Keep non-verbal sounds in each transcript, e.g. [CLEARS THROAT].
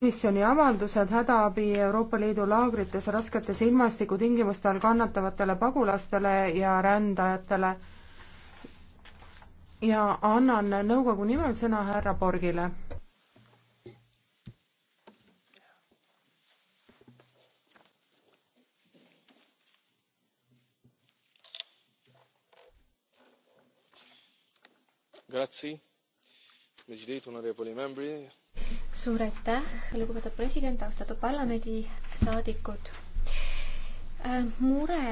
komisjoni avaldused hädaabi Euroopa Liidu laagrites rasketes ilmastikutingimustel kannatavatele pagulastele ja rändajatele. ja annan nõukogu nimel sõna härra Borgile. Grazie, presidente, onorevoli membri suur aitäh, lugupeetud president, austatud parlamendisaadikud äh, mure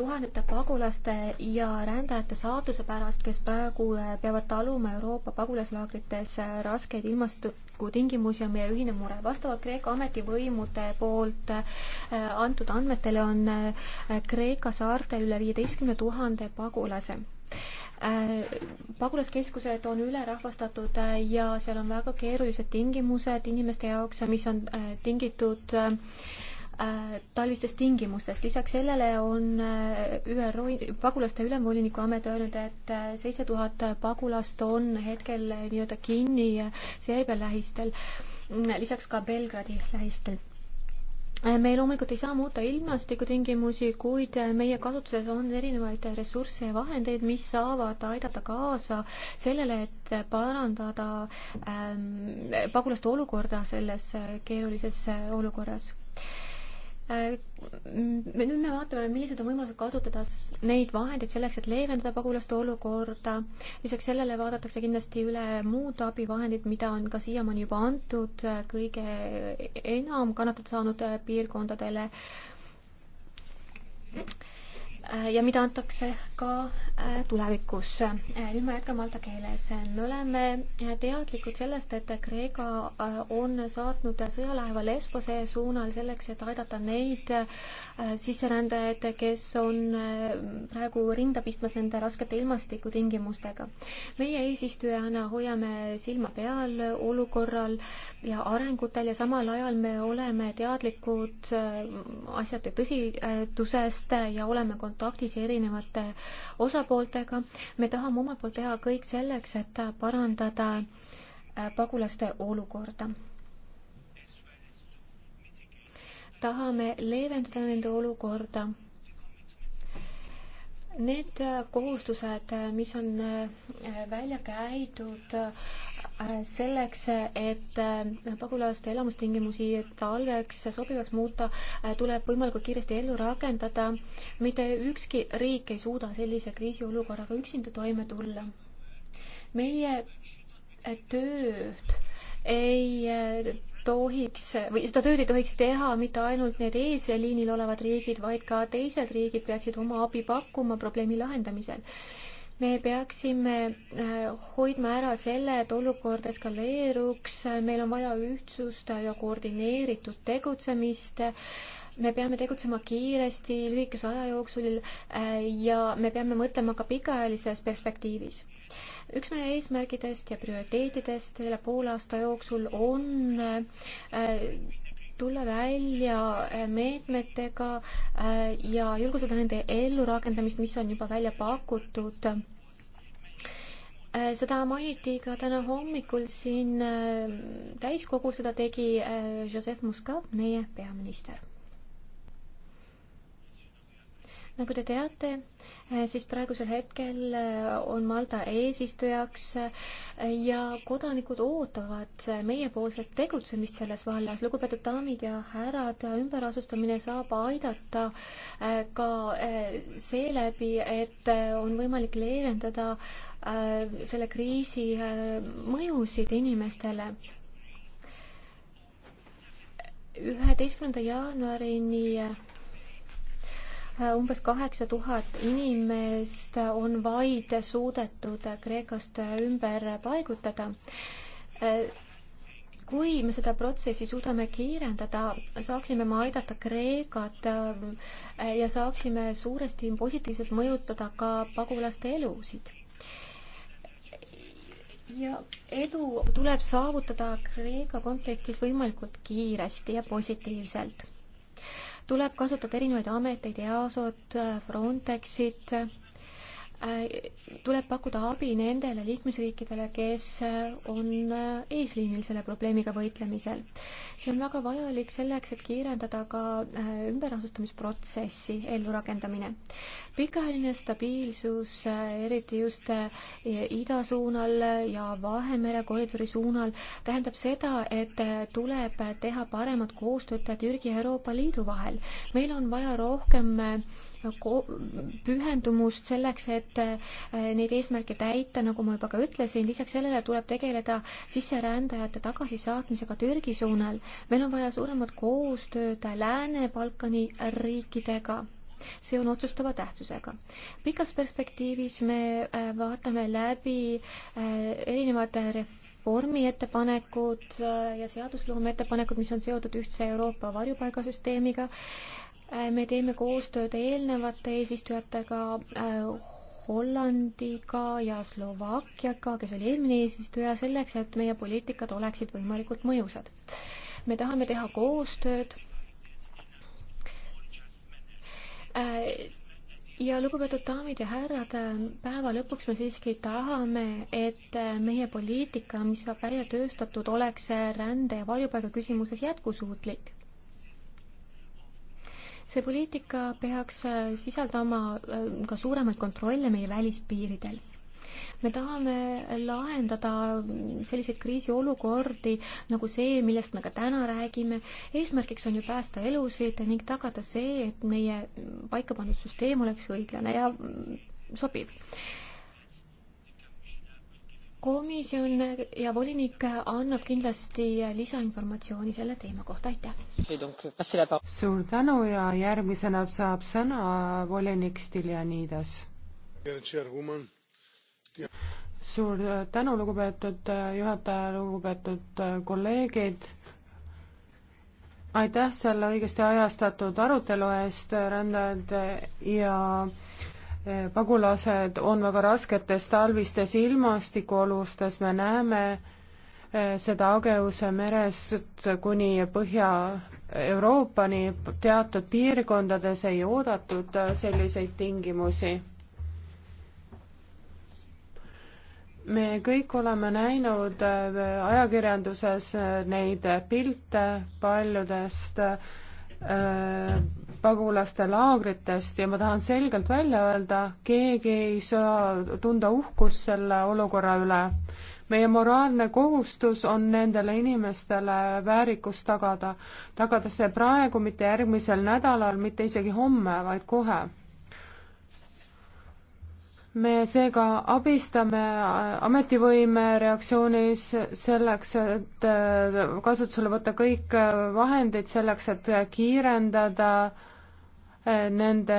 tuhandete pagulaste ja rändajate saatuse pärast, kes praegu äh, peavad taluma Euroopa pagulaslaagrites äh, raskeid ilmastikutingimusi, on meie ühine mure. vastavalt Kreeka ametivõimude poolt antud andmetele on Kreeka saartel üle viieteistkümne tuhande pagulase pagulaskeskused on ülerahvastatud äh, ja seal on väga keerulised tingimused inimeste jaoks, mis on äh, tingitud äh, talvistest tingimustest. lisaks sellele on ÜRO pagulaste ülemvoliniku amet öelnud, et seitse tuhat pagulast on hetkel nii-öelda kinni Serbia lähistel, lisaks ka Belgradi lähistel me loomulikult ei saa muuta ilmastikutingimusi, kuid meie kasutuses on erinevaid ressursse ja vahendeid, mis saavad aidata kaasa sellele, et parandada ähm, pagulaste olukorda selles keerulises olukorras Äh, me nüüd me vaatame, millised on võimalused kasutada neid vahendeid selleks, et leevendada pagulaste olukorda. lisaks sellele vaadatakse kindlasti üle muud abivahendid, mida on ka siiamaani juba antud äh, kõige enam kannatada saanud äh, piirkondadele Äh, ja mida antakse ka äh, tulevikus. Äh, nüüd ma jätkan malta keeles. me oleme teadlikud sellest, et Kreeka on saatnud sõjalaeva Lesbose suunal selleks, et aidata neid sisserändajaid, kes on praegu rinda pistmas nende raskete ilmastikutingimustega. meie eesistujana hoiame silma peal olukorral ja arengutel ja samal ajal me oleme teadlikud asjade tõsidusest ja oleme kontaktis erinevate osapooltega. me tahame omalt poolt teha kõik selleks, et parandada äh, pagulaste olukorda tahame leevendada nende olukorda. Need äh, kohustused, äh, mis on välja käidud selleks, et äh, pagulaste elamustingimusi talveks sobivaks muuta, äh, tuleb võimalikult kiiresti ellu rakendada. mitte ükski riik ei suuda sellise kriisiolukorraga üksinda toime tulla. meie äh, tööd ei tohiks või seda tööd ei tohiks teha mitte ainult need eesliinil olevad riigid, vaid ka teised riigid peaksid oma abi pakkuma probleemi lahendamisel me peaksime äh, hoidma ära selle, et olukord eskaleeruks, meil on vaja ühtsust ja koordineeritud tegutsemist me peame tegutsema kiiresti, lühikese aja jooksul äh, ja me peame mõtlema ka pikaajalises perspektiivis. üks meie eesmärgidest ja prioriteetidest selle poole aasta jooksul on äh, tulla välja äh, meetmetega äh, ja julgustada nende ellurakendamist, mis on juba välja pakutud. Äh, seda mainiti ka täna hommikul siin täiskogul, seda tegi Joseph Muscat, meie peaminister nagu te teate, eh, siis praegusel hetkel eh, on Malta eesistujaks eh, ja kodanikud ootavad meiepoolset tegutsemist selles vallas. lugupeetud daamid ja härrad, ümberasustamine saab aidata ka seeläbi, et on võimalik leevendada selle kriisi mõjusid inimestele üheteistkümnenda jaanuarini umbes kaheksa tuhat inimest on vaid suudetud Kreekast ümber paigutada. kui me seda protsessi suudame kiirendada, saaksime me aidata Kreekat äh, ja saaksime suuresti positiivselt mõjutada ka pagulaste elusid ja edu tuleb saavutada Kreeka kontekstis võimalikult kiiresti ja positiivselt tuleb kasutada erinevaid ameteid, EASO-t, Frontexit Äh, tuleb pakkuda abi nendele liikmesriikidele, kes äh, on äh, eesliinil selle probleemiga võitlemisel. see on väga vajalik selleks, et kiirendada ka ümberasustamisprotsessi ellurakendamine. pikaajaline stabiilsus, eriti just ida suunal ja Vahemere koridori suunal, tähendab seda, et tuleb teha paremat koostööd Türgi ja Euroopa Liidu vahel. meil on vaja rohkem pühendumust selleks, et äh, neid eesmärke täita, nagu ma juba ka ütlesin, lisaks sellele tuleb tegeleda sisserändajate tagasisaatmisega Türgi suunal. meil on vaja suuremat koostööd Lääne-Balkani riikidega see on otsustava tähtsusega. pikas perspektiivis me äh, vaatame läbi äh, erinevad reformi ettepanekud ja seadusloome ettepanekud, mis on seotud ühtse Euroopa varjupaigasüsteemiga Äh, me teeme koostööd eelnevate eesistujatega, äh, Hollandiga ja Slovakkiaga, kes oli eelmine eesistuja, selleks, et meie poliitikad oleksid võimalikult mõjusad. me tahame teha koostööd äh, ja lugupeetud daamid ja härrad, päeva lõpuks me siiski tahame, et meie poliitika, mis saab välja tööstatud, oleks rände ja varjupaiga küsimuses jätkusuutlik see poliitika peaks äh, sisaldama äh, ka suuremaid kontrolle meie välispiiridel me tahame lahendada selliseid kriisiolukordi nagu see, millest me ka täna räägime. eesmärgiks on ju päästa elusid ning tagada see, et meie paika pandud süsteem oleks õiglane ja mm, sobiv komisjon ja volinik annab kindlasti lisainformatsiooni selle teema kohta, aitäh! suur tänu ja järgmisena saab sõna volinik Stiljanides. suur tänu, lugupeetud juhataja, lugupeetud kolleegid, aitäh selle õigesti ajastatud arutelu eest, rändajad ja äh, pagulased on väga rasketes talvistes ilmastikuolustes, me näeme eh, seda Ageuse merest kuni Põhja-Euroopani, teatud piirkondades ei oodatud eh, selliseid tingimusi. me kõik oleme näinud eh, ajakirjanduses neid pilte paljudest pagulaste laagritest ja ma tahan selgelt välja öelda, keegi ei saa tunda uhkust selle olukorra üle. meie moraalne kohustus on nendele inimestele väärikus tagada, tagada see praegu, mitte järgmisel nädalal, mitte isegi homme, vaid kohe. me seega abistame ametivõime reaktsioonis selleks, et kasutusele võtta kõik vahendid selleks, et kiirendada nende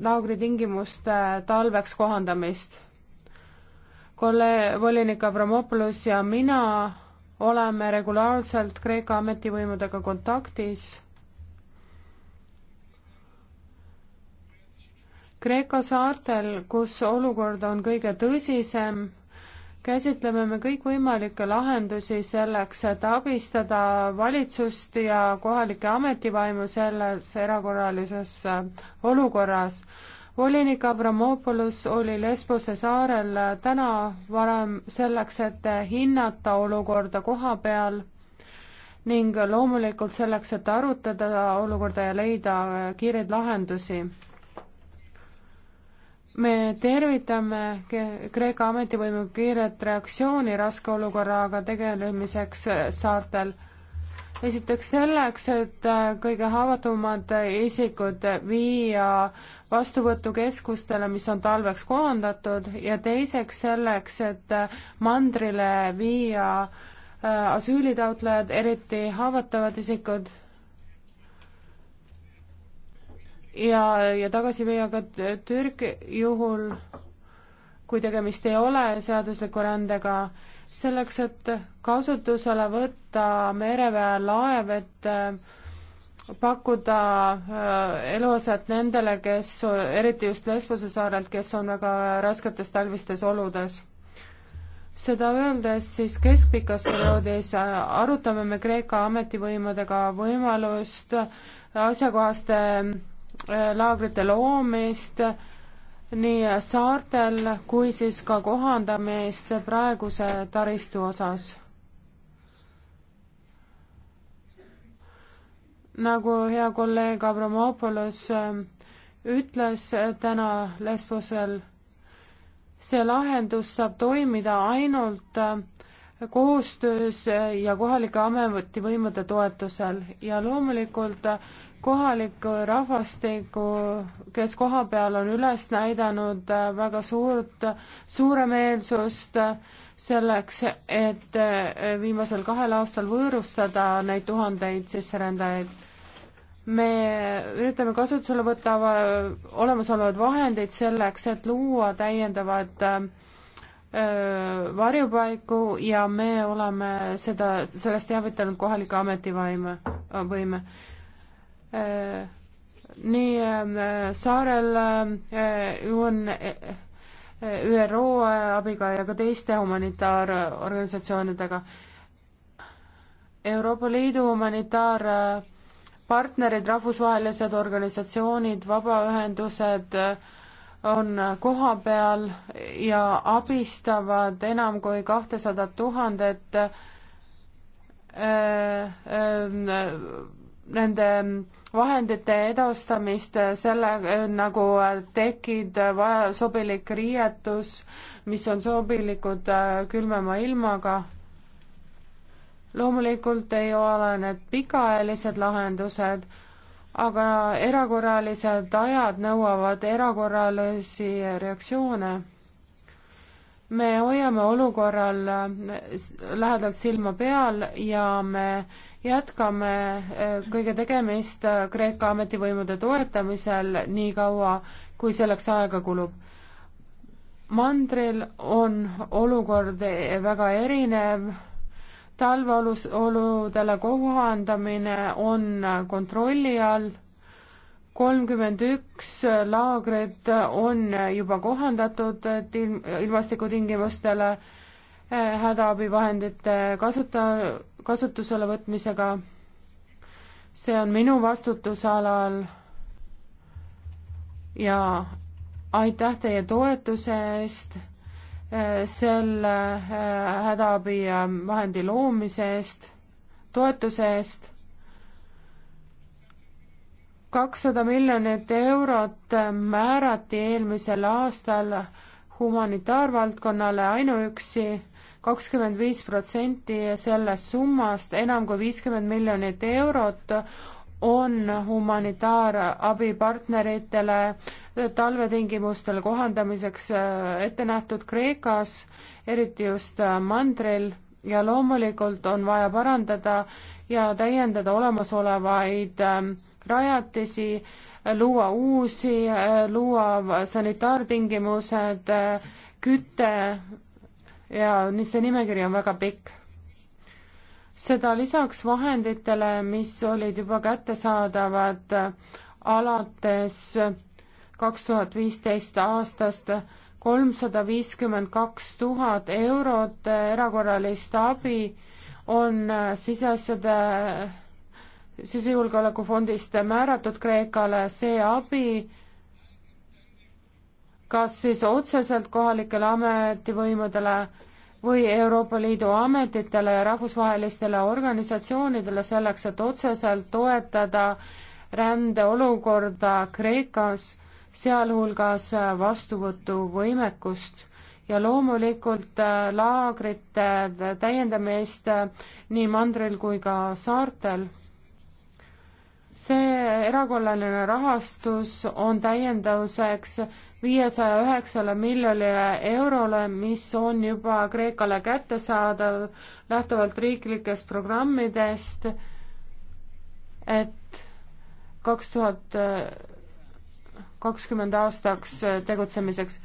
laagritingimuste talveks kohandamist. kolle-, volinik Avramopoulos ja mina oleme regulaarselt Kreeka ametivõimudega kontaktis. Kreeka saartel, kus olukord on kõige tõsisem käsitleme me kõikvõimalikke lahendusi selleks, et abistada valitsust ja kohalikke ametivaimu selles erakorralises äh, olukorras. volinik Abramopoulos oli Lesbose saarel äh, täna varem selleks, et hinnata olukorda koha peal ning loomulikult selleks, et arutada olukorda ja leida äh, kiireid lahendusi me tervitame Kreeka ametivõimu kiiret reaktsiooni raske olukorraga tegelemiseks äh, saartel. esiteks selleks, et äh, kõige haavatavamad isikud viia vastuvõtukeskustele, mis on talveks kohandatud ja teiseks selleks, et äh, mandrile viia asüülitaotlejad, eriti haavatavad isikud ja, ja tagasiveaga Türk juhul, kui tegemist ei ole seadusliku rändega, selleks, et kasutusele võtta mereväe laev, et äh, pakkuda äh, eluaset nendele, kes, eriti just Lesbose saarelt, kes on väga rasketes talvistes oludes. seda öeldes siis keskpikas perioodis äh, arutame me Kreeka ametivõimudega võimalust asjakohaste Äh, laagrite loomist nii saartel kui siis ka kohandamist praeguse taristu osas. nagu hea kolleeg Abramopoulos äh, ütles äh, täna Lesbosel, see lahendus saab toimida ainult koostöös ja kohalike ametivõimude toetusel ja loomulikult kohalikku rahvastikku, kes koha peal on üles näidanud äh, väga suurt, suuremeelsust äh, selleks, et äh, viimasel kahel aastal võõrustada neid tuhandeid sisserändajaid. me üritame kasutusele võtta olemasolevaid vahendeid selleks, et luua täiendavad varjupaiku ja me oleme seda, sellest teavitanud kohalikke ametivaime, võime Äh, nii ähm, saarel äh, on äh, ÜRO abiga ja ka teiste humanitaarorganisatsioonidega. Euroopa Liidu humanitaarpartnerid, rahvusvahelised organisatsioonid, vabaühendused on kohapeal ja abistavad enam kui kahtesadat tuhandet nende vahendite edastamist, selle nagu tekid, vaja, sobilik riietus, mis on sobilikud äh, külmema ilmaga. loomulikult ei ole need pikaajalised lahendused aga erakorralised ajad nõuavad erakorralisi reaktsioone. me hoiame olukorral äh, lähedalt silma peal ja me jätkame eh, kõige tegemist eh, Kreeka ametivõimude toetamisel nii kaua, kui selleks aega kulub. mandril on olukord eh, väga erinev, talveolus, oludele kohandamine on kontrolli all, kolmkümmend üks laagrit on juba kohandatud ilm, ilmastikutingimustele, hädaabivahendite kasuta-, kasutusele võtmisega. see on minu vastutusalal ja aitäh teie toetuse eest, eh, selle eh, hädaabivahendi loomise eest, toetuse eest. kakssada miljonit eurot määrati eelmisel aastal humanitaarvaldkonnale ainuüksi kakskümmend viis protsenti sellest summast, enam kui viiskümmend miljonit eurot, on humanitaarabi partneritele talvetingimustel kohandamiseks äh, ette nähtud Kreekas, eriti just äh, mandril, ja loomulikult on vaja parandada ja täiendada olemasolevaid ähm, rajatisi, luua uusi, äh, luua sanitaartingimused, küte, ja see nimekiri on väga pikk. seda lisaks vahenditele, mis olid juba kättesaadavad alates kaks tuhat viisteist aastast kolmsada viiskümmend kaks tuhat eurot erakorralist abi on siseasjade, sisejulgeolekufondist määratud Kreekale, see abi kas siis otseselt kohalikele ametivõimudele või Euroopa Liidu ametitele ja rahvusvahelistele organisatsioonidele selleks, et otseselt toetada rändeolukorda Kreekas, sealhulgas vastuvõtuvõimekust ja loomulikult äh, laagrite täiendamist äh, nii mandril kui ka saartel. see erakorraline rahastus on täienduseks viiesaja üheksale miljonile eurole, mis on juba Kreekale kättesaadav lähtuvalt riiklikest programmidest, et kaks tuhat kakskümmend aastaks tegutsemiseks.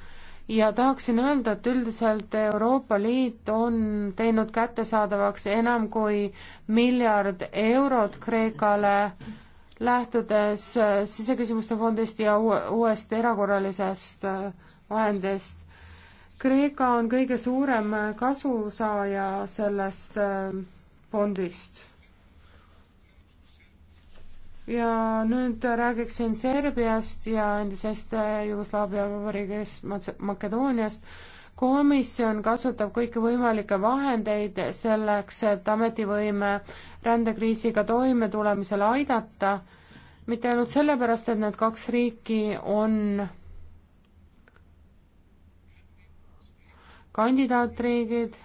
ja tahaksin öelda, et üldiselt Euroopa Liit on teinud kättesaadavaks enam kui miljard eurot Kreekale äh, lähtudes siseküsimuste fondist ja uuest erakorralisest äh, vahendist. Kreeka on kõige suurem kasusaaja sellest äh, fondist. ja nüüd räägiksin Serbiast ja endisest äh, Jugoslaavia vabariigist Makedooniast komisjon kasutab kõiki võimalikke vahendeid selleks, et ametivõime rändekriisiga toimetulemisel aidata, mitte ainult sellepärast, et need kaks riiki on kandidaatriigid,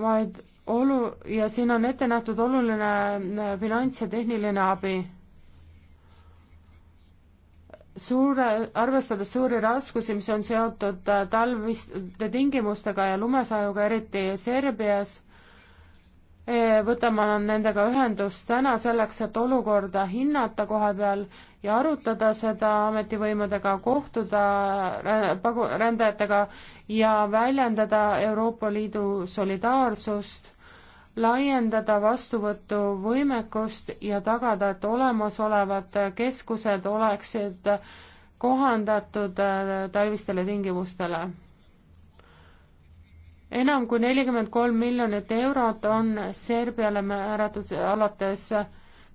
vaid olu- ja siin on ette nähtud oluline finants- ja tehniline abi. suure, arvestades suuri raskusi, mis on seotud talviste tingimustega ja lumesajuga, eriti Serbias, Eh, võtame nendega ühendust täna selleks, et olukorda hinnata koha peal ja arutada seda ametivõimudega, kohtuda pagu-, rändajatega ja väljendada Euroopa Liidu solidaarsust, laiendada vastuvõtuvõimekust ja tagada, et olemasolevad keskused oleksid kohandatud äh, talvistele tingimustele enam kui nelikümmend kolm miljonit eurot on Serbiale määratud alates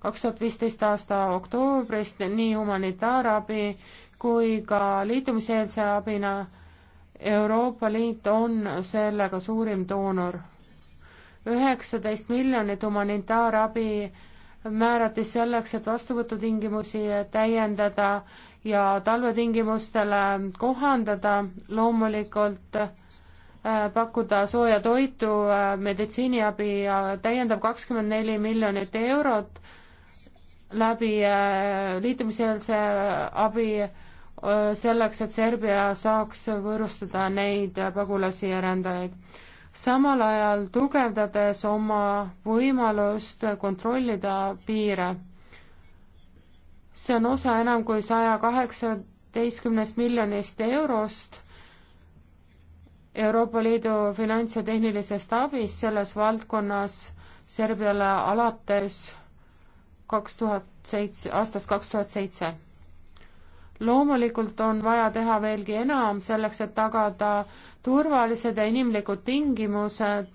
kaks tuhat viisteist aasta oktoobrist nii humanitaarabi kui ka liitumiseelse abina. Euroopa Liit on sellega suurim doonor. üheksateist miljonit humanitaarabi määrati selleks, et vastuvõtutingimusi täiendada ja talvetingimustele kohandada, loomulikult Äh, pakkuda sooja toitu, äh, meditsiiniabi ja täiendav kakskümmend neli miljonit eurot läbi äh, liitumiseelse abi selleks, et Serbia saaks võõrustada neid pagulasi ja rändajaid. samal ajal tugevdades oma võimalust kontrollida piire. see on osa enam kui saja kaheksateistkümnest miljonist eurost Euroopa Liidu finants- ja tehnilisest abist selles valdkonnas Serbiale alates kaks tuhat seitse, aastast kaks tuhat seitse. loomulikult on vaja teha veelgi enam selleks, et tagada turvalised ja inimlikud tingimused,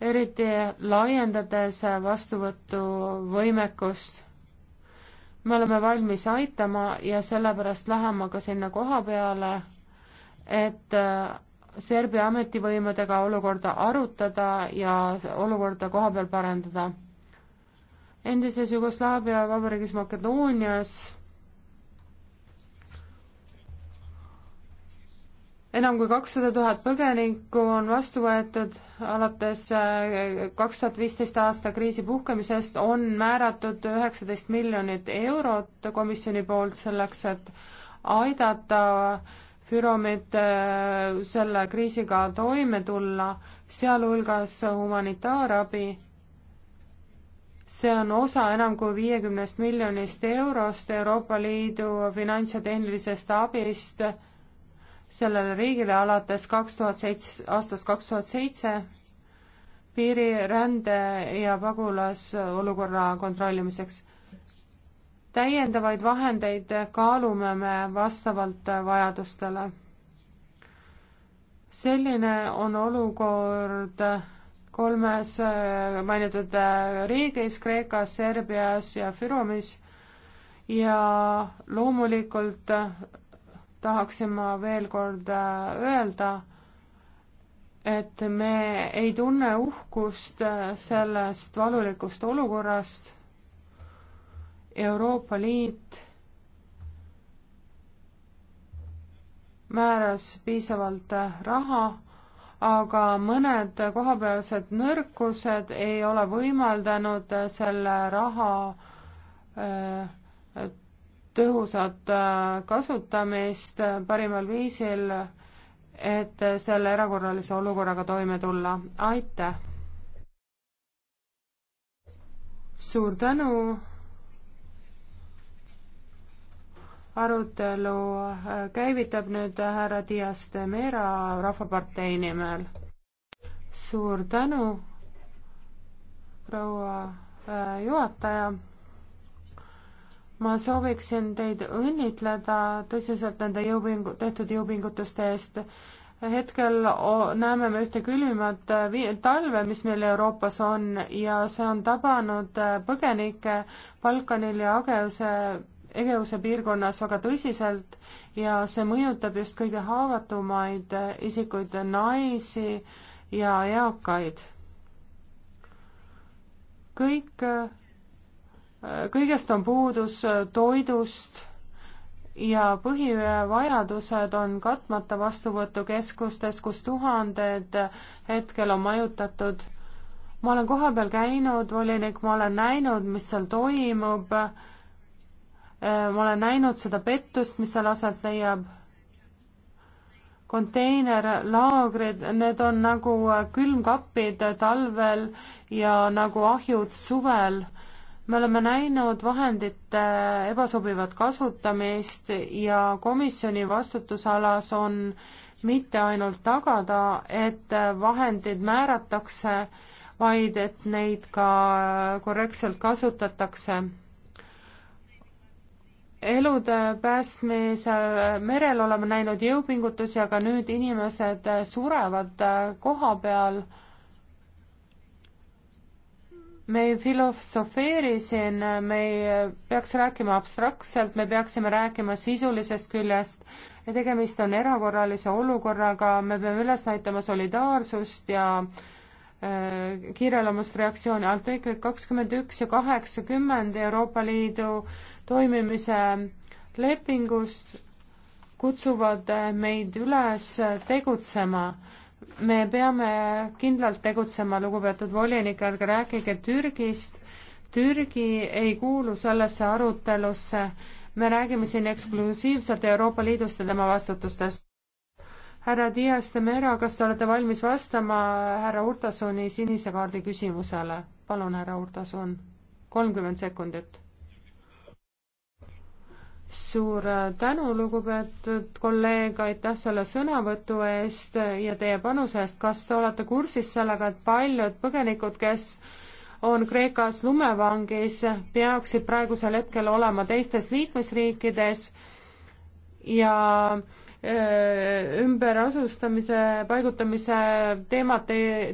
eriti laiendades vastuvõtuvõimekust. me oleme valmis aitama ja sellepärast läheme ka sinna koha peale, et Serbia ametivõimudega olukorda arutada ja olukorda kohapeal parandada. endises Jugoslaavia vabariigis Makedoonias enam kui kakssada tuhat põgenikku on vastu võetud alates äh, kaks tuhat viisteist aasta kriisi puhkemisest, on määratud üheksateist miljonit eurot komisjoni poolt selleks, et aidata püramiid äh, selle kriisiga toime tulla, sealhulgas humanitaarabi. see on osa enam kui viiekümnest miljonist eurost Euroopa Liidu finants- ja tehnilisest abist sellele riigile alates kaks tuhat seitse, aastast kaks tuhat seitse piirirände ja pagulasolukorra kontrollimiseks täiendavaid vahendeid kaalume me vastavalt vajadustele. selline on olukord kolmes mainitud riigis, Kreekas, Serbias ja Füromis ja loomulikult tahaksin ma veel kord öelda, et me ei tunne uhkust sellest valulikust olukorrast Euroopa Liit määras piisavalt raha, aga mõned kohapealsed nõrkused ei ole võimaldanud selle raha äh, tõhusat äh, kasutamist parimal viisil, et selle erakorralise olukorraga toime tulla. aitäh! suur tänu! arutelu äh, käivitab nüüd härra Dias de Mera Rahvapartei nimel. suur tänu, proua äh, juhataja. ma sooviksin teid õnnitleda tõsiselt nende jõupingu-, tehtud jõupingutuste eest. hetkel näeme me ühte külmimat äh, talve, mis meil Euroopas on ja see on tabanud põgenikke Balkanil ja Ageuse Egeuse piirkonnas väga tõsiselt ja see mõjutab just kõige haavatumaid isikuid, naisi ja eakaid. kõik, kõigest on puudus toidust ja põhivajadused on katmata vastuvõtukeskustes, kus tuhanded hetkel on majutatud. ma olen kohapeal käinud, volinik, ma olen näinud, mis seal toimub Äh, ma olen näinud seda pettust, mis seal aset leiab. konteinerlaagrid, need on nagu äh, külmkapid talvel ja nagu ahjud suvel. me oleme näinud vahendite ebasobivat kasutamist ja komisjoni vastutusalas on mitte ainult tagada, et vahendid määratakse, vaid et neid ka äh, korrektselt kasutatakse elude päästmisel merel oleme näinud jõupingutusi, aga nüüd inimesed surevad äh, koha peal. me ei filosofeeri siin, äh, me ei äh, peaks rääkima abstraktselt, me peaksime rääkima sisulisest küljest ja tegemist on erakorralise olukorraga, me peame üles näitama solidaarsust ja kiireloomust reaktsiooni artiklid kakskümmend üks ja kaheksakümmend Euroopa Liidu toimimise lepingust kutsuvad meid üles tegutsema. me peame kindlalt tegutsema, lugupeetud volinik, ärge rääkige Türgist. Türgi ei kuulu sellesse arutelusse. me räägime siin eksklusiivselt Euroopa Liidust ja tema vastutustest. härra Dias de Mera, kas te olete valmis vastama härra Urtasoni sinise kaardi küsimusele? palun, härra Urtason, kolmkümmend sekundit suur äh, tänu, lugupeetud kolleeg, aitäh selle sõnavõtu eest ja teie panuse eest. kas te olete kursis sellega, et paljud põgenikud, kes on Kreekas lumevangis, peaksid praegusel hetkel olema teistes liikmesriikides ja äh, ümberasustamise, paigutamise teemat,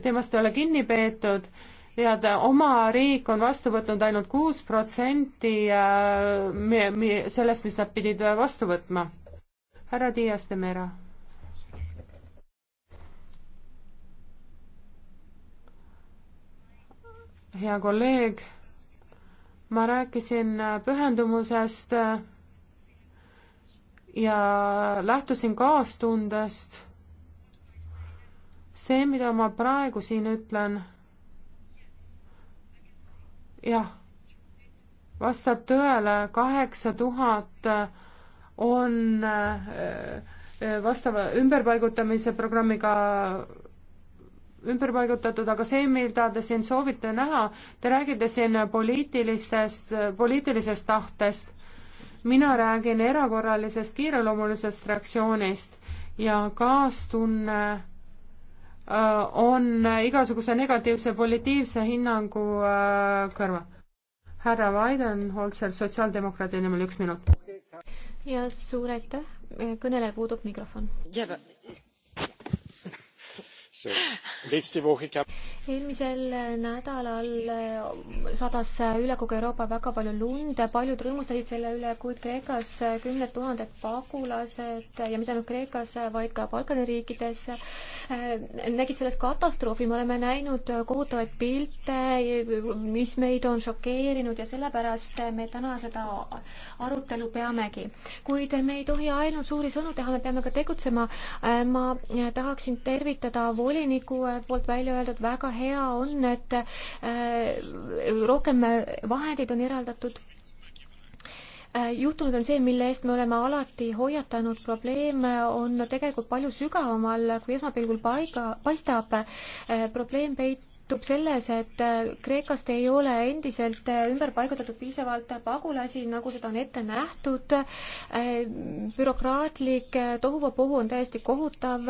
teemast ei ole kinni peetud ja ta, oma riik on vastu võtnud ainult kuus protsenti äh, sellest, mis nad pidid vastu võtma. härra Dias de Mera. hea kolleeg, ma rääkisin äh, pühendumusest äh, ja lähtusin kaastundest. see, mida ma praegu siin ütlen jah, vastab tõele, kaheksa tuhat on äh, äh, vastava ümberpaigutamise programmiga ümber paigutatud, aga see, mida te siin soovite näha, te räägite siin poliitilistest, poliitilisest tahtest. mina räägin erakorralisest kiireloomulisest reaktsioonist ja kaastunne Äh, on igasuguse negatiivse positiivse hinnangu äh, kõrval. härra Weidenholzer, sotsiaaldemokraadi nimel üks minut. ja suur aitäh, kõnelejal puudub mikrofon eelmisel nädalal äh, sadas äh, üle kogu Euroopa väga palju lund, paljud rõõmustasid selle üle, kuid Kreekas äh, kümned tuhanded pagulased ja mitte ainult Kreekas, vaid ka Balkani riikides nägid selles katastroofi, me oleme näinud kohutavaid pilte, mis meid on šokeerinud ja sellepärast me täna seda arutelu peamegi. kuid me ei tohi ainult suuri sõnu teha, me peame ka tegutsema. ma tahaksin tervitada voliniku poolt välja öeldud väga hea on, et äh, rohkem vahendeid on eraldatud äh, juhtunud on see, mille eest me oleme alati hoiatanud, probleem on tegelikult palju sügavamal, kui esmapilgul paiga, paistab. Äh, probleem peitub selles, et Kreekast ei ole endiselt ümber paigutatud piisavalt pagulasi, nagu seda on ette nähtud. bürokraatlik tohuvabohu on täiesti kohutav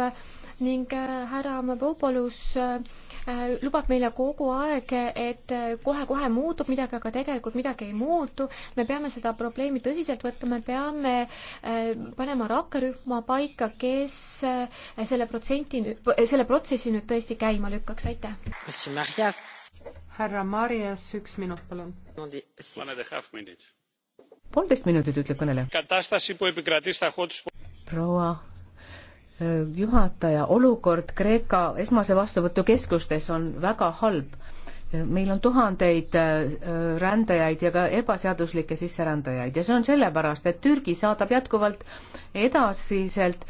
ning härra Mavropolus äh, Äh, lubab meile kogu aeg, et kohe-kohe muutub midagi, aga tegelikult midagi ei muutu. me peame seda probleemi tõsiselt võtma, me peame äh, panema rakkerühma paika, kes äh, selle protsenti, selle protsessi nüüd tõesti käima lükkaks, aitäh. härra Marias, üks minut, palun. poolteist minutit, ütleb kõneleja. proua Äh, juhataja, olukord Kreeka esmase vastuvõtukeskustes on väga halb. Äh, meil on tuhandeid äh, rändajaid ja ka ebaseaduslikke sisserändajaid ja see on sellepärast, et Türgi saadab jätkuvalt edasiselt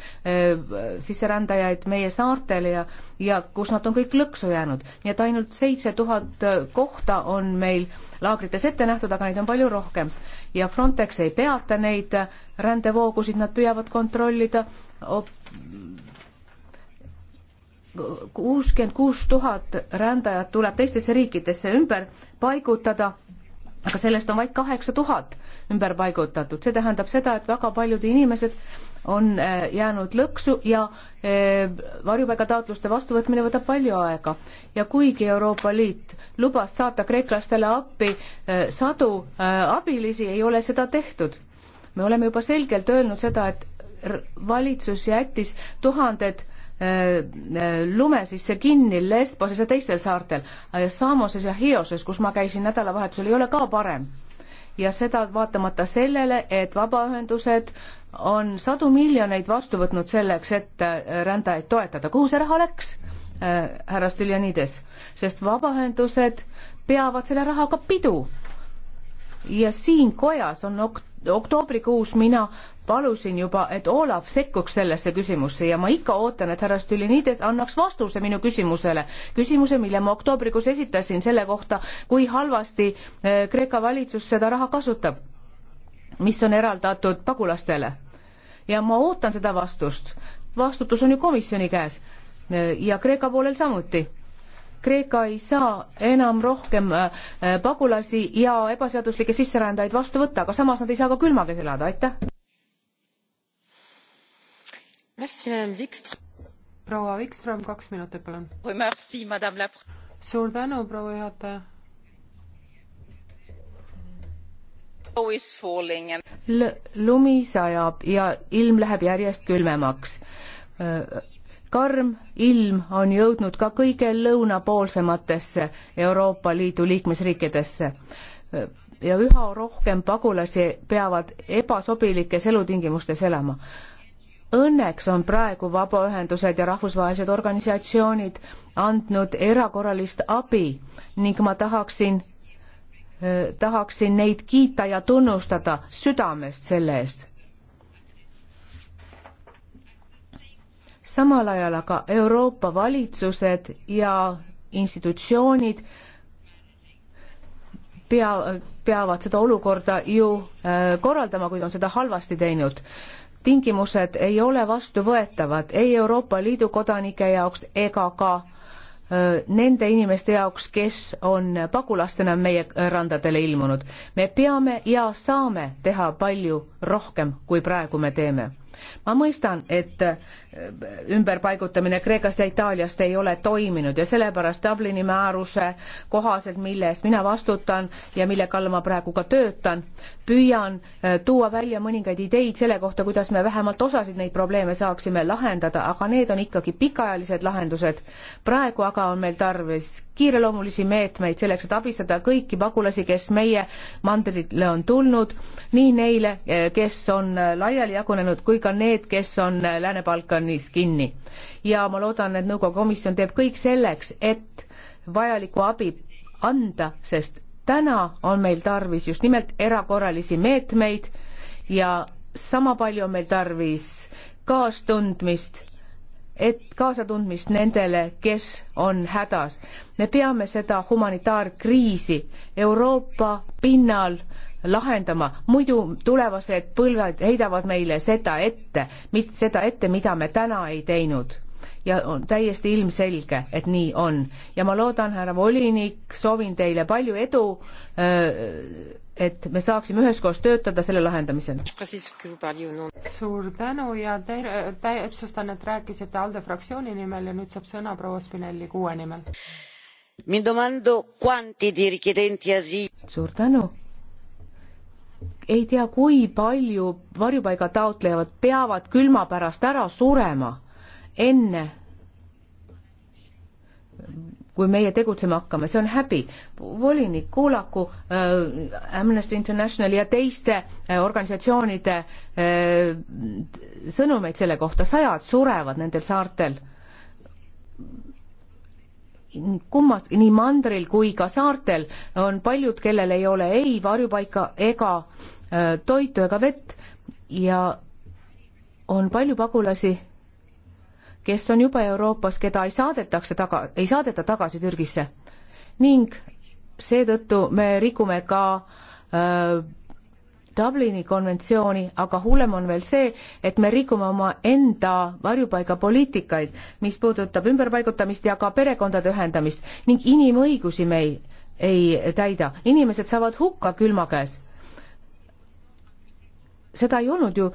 sisserändajaid meie saartele ja, ja kus nad on kõik lõksu jäänud. nii et ainult seitse tuhat kohta on meil laagrites ette nähtud, aga neid on palju rohkem. ja Frontex ei peata neid rändevoogusid, nad püüavad kontrollida op-, kuuskümmend kuus tuhat rändajat tuleb teistesse riikidesse ümber paigutada, aga sellest on vaid kaheksa tuhat ümber paigutatud, see tähendab seda, et väga paljud inimesed on äh, jäänud lõksu ja äh, varjupaigataotluste vastuvõtmine võtab palju aega. ja kuigi Euroopa Liit lubas saata kreeklastele appi äh, sadu abilisi, ei ole seda tehtud. me oleme juba selgelt öelnud seda, et valitsus jättis tuhanded äh, äh, lume sisse kinni Lesboses ja teistel saartel ja Samoses ja Hioses, kus ma käisin nädalavahetusel, ei ole ka parem. ja seda vaatamata sellele, et vabaühendused on sadu miljoneid vastu võtnud selleks, et äh, rändajaid toetada. kuhu see raha läks, härra Stylianides? sest vabaühendused peavad selle rahaga pidu ja siin kojas on ok oktoobrikuus mina palusin juba, et Olav sekkuks sellesse küsimusse ja ma ikka ootan, et härra Stülinides annaks vastuse minu küsimusele. küsimuse, mille ma oktoobrikuus esitasin selle kohta, kui halvasti eh, Kreeka valitsus seda raha kasutab, mis on eraldatud pagulastele. ja ma ootan seda vastust. vastutus on ju komisjoni käes eh, ja Kreeka poolel samuti Kreeka ei saa enam rohkem äh, äh, pagulasi ja ebaseaduslikke sisserändajaid vastu võtta, aga samas nad ei saa ka külmakäes elada, aitäh. proua Wikström, kaks minutit, palun. suur tänu, proua juhataja L lumi sajab ja ilm läheb järjest külmemaks. Äh, karm ilm on jõudnud ka kõige lõunapoolsematesse Euroopa Liidu liikmesriikidesse ja üha rohkem pagulasi peavad ebasobilikes elutingimustes elama. Õnneks on praegu vabaühendused ja rahvusvahelised organisatsioonid andnud erakorralist abi ning ma tahaksin eh, tahaksin neid kiita ja tunnustada südamest selle eest samal ajal aga Euroopa valitsused ja institutsioonid pea, peavad seda olukorda ju äh, korraldama, kuid on seda halvasti teinud. tingimused ei ole vastuvõetavad ei Euroopa Liidu kodanike jaoks ega ka äh, nende inimeste jaoks, kes on pagulastena meie randadele ilmunud. me peame ja saame teha palju rohkem, kui praegu me teeme ma mõistan, et äh, ümberpaigutamine Kreekast ja Itaaliast ei ole toiminud ja sellepärast Dublini määruse kohaselt, mille eest mina vastutan ja mille kallal ma praegu ka töötan, püüan äh, tuua välja mõningaid ideid selle kohta, kuidas me vähemalt osasid neid probleeme saaksime lahendada, aga need on ikkagi pikaajalised lahendused. praegu aga on meil tarvis kiireloomulisi meetmeid selleks, et abistada kõiki pagulasi, kes meie mandrile on tulnud, nii neile, kes on laiali jagunenud, kui ka need, kes on Lääne-Balkanis kinni. ja ma loodan, et nõukogu komisjon teeb kõik selleks, et vajalikku abi anda, sest täna on meil tarvis just nimelt erakorralisi meetmeid ja sama palju on meil tarvis kaastundmist et kaasatundmist nendele, kes on hädas. me peame seda humanitaarkriisi Euroopa pinnal lahendama, muidu tulevased põlved heidavad meile seda ette, seda ette, mida me täna ei teinud. ja on täiesti ilmselge, et nii on. ja ma loodan, härra volinik, soovin teile palju edu öö, äh, et me saaksime üheskoos töötada selle lahendamisel. suur tänu ja täpsustan, et rääkisite ALDE fraktsiooni nimel ja nüüd saab sõna proua Spinelli kuue nimel. suur tänu. ei tea, kui palju varjupaiga taotlejad peavad külma pärast ära surema enne kui meie tegutsema hakkame, see on häbi. volinik kuulaku äh, Amnesty Internationali ja teiste äh, organisatsioonide äh, sõnumeid selle kohta, sajad surevad nendel saartel kummas, nii mandril kui ka saartel on paljud, kellel ei ole ei varjupaika ega äh, toitu ega vett ja on palju pagulasi kes on juba Euroopas, keda ei saadetakse taga, ei saadeta tagasi Türgisse. ning seetõttu me rikume ka öö, äh, Dublini konventsiooni, aga hullem on veel see, et me rikume omaenda varjupaigapoliitikaid, mis puudutab ümberpaigutamist ja ka perekondade ühendamist ning inimõigusi me ei, ei täida. inimesed saavad hukka külma käes. seda ei olnud ju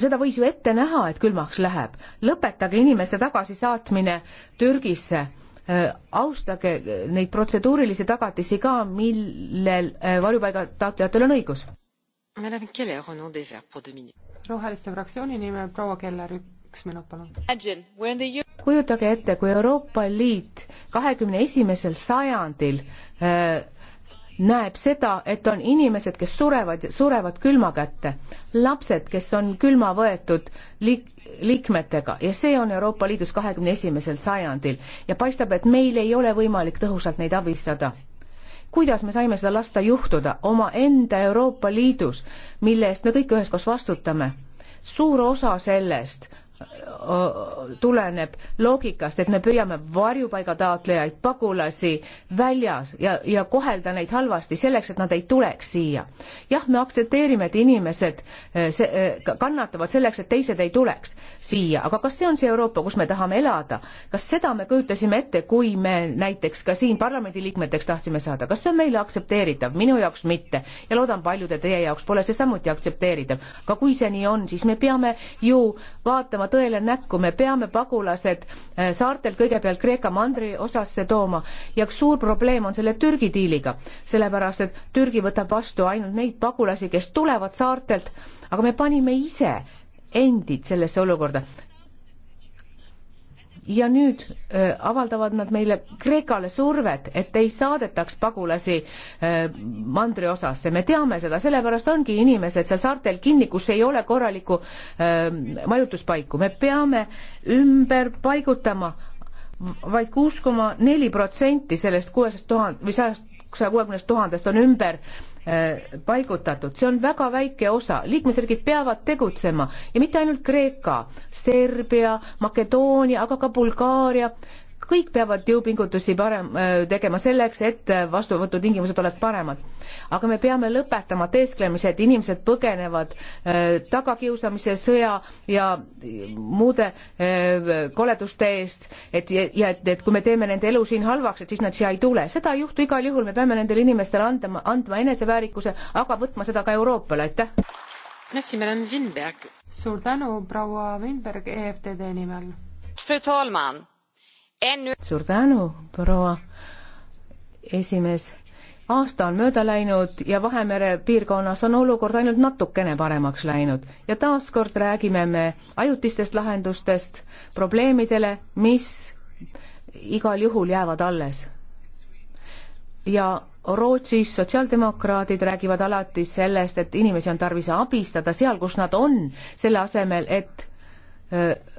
seda võis ju ette näha, et külmaks läheb. lõpetage inimeste tagasisaatmine Türgisse äh, austage neid protseduurilisi tagatisi ka, millel äh, varjupaiga taotlejatel on õigus. roheliste fraktsiooni nimel proua Keller, üks minut palun. kujutage ette, kui Euroopa Liit kahekümne esimesel sajandil äh, näeb seda, et on inimesed, kes surevad, surevad külma kätte, lapsed, kes on külma võetud liik-, liikmetega ja see on Euroopa Liidus kahekümne esimesel sajandil ja paistab, et meil ei ole võimalik tõhusalt neid abistada. kuidas me saime seda lasta juhtuda omaenda Euroopa Liidus, mille eest me kõik üheskoos vastutame? suur osa sellest tuleneb loogikast, et me püüame varjupaigataotlejaid, pagulasi väljas ja, ja kohelda neid halvasti selleks, et nad ei tuleks siia. jah, me aktsepteerime, et inimesed see, kannatavad selleks, et teised ei tuleks siia, aga kas see on see Euroopa, kus me tahame elada? kas seda me kujutasime ette, kui me näiteks ka siin parlamendiliikmeteks tahtsime saada, kas see on meile aktsepteeritav? minu jaoks mitte ja loodan paljude teie jaoks pole see samuti aktsepteeritav. aga kui see nii on, siis me peame ju vaatama tõele näkku, me peame pagulased äh, saartelt kõigepealt Kreeka mandriosasse tooma ja suur probleem on selle Türgi diiliga, sellepärast et Türgi võtab vastu ainult neid pagulasi, kes tulevad saartelt, aga me panime ise endid sellesse olukorda ja nüüd äh, avaldavad nad meile Kreekale survet, et ei saadetaks pagulasi äh, mandriosasse, me teame seda, sellepärast ongi inimesed seal saartel kinni, kus ei ole korralikku äh, majutuspaiku, me peame ümber paigutama vaid kuus koma neli protsenti sellest kuuesajast tuhat või sajast saja kuuekümnest tuhandest on ümber äh, paigutatud, see on väga väike osa, liikmesriigid peavad tegutsema ja mitte ainult Kreeka, Serbia, Makedoonia, aga ka Bulgaaria kõik peavad jõupingutusi parem, äh, tegema selleks, et vastuvõtutingimused oleks paremad. aga me peame lõpetama teesklemise, et inimesed põgenevad äh, tagakiusamise, sõja ja muude äh, koleduste eest, et ja et, et kui me teeme nende elu siin halvaks, et siis nad siia ei tule. seda ei juhtu igal juhul, me peame nendele inimestele andma, andma eneseväärikuse, aga võtma seda ka Euroopale, aitäh! suur tänu, proua Winberg EFTD nimel! fru talman! suur tänu, proua esimees. aasta on mööda läinud ja Vahemere piirkonnas on olukord ainult natukene paremaks läinud ja taaskord räägime me ajutistest lahendustest probleemidele, mis igal juhul jäävad alles. ja Rootsis sotsiaaldemokraadid räägivad alati sellest, et inimesi on tarvis abistada seal, kus nad on, selle asemel, et öö, äh,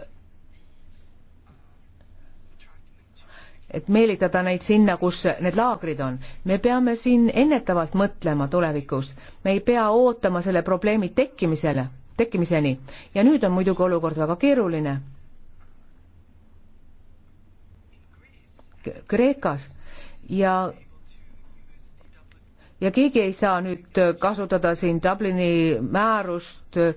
et meelitada neid sinna, kus need laagrid on. me peame siin ennetavalt mõtlema tulevikus, me ei pea ootama selle probleemi tekkimisele, tekkimiseni ja nüüd on muidugi olukord väga keeruline. Kreekas ja ja keegi ei saa nüüd kasutada siin Dublini määrust äh,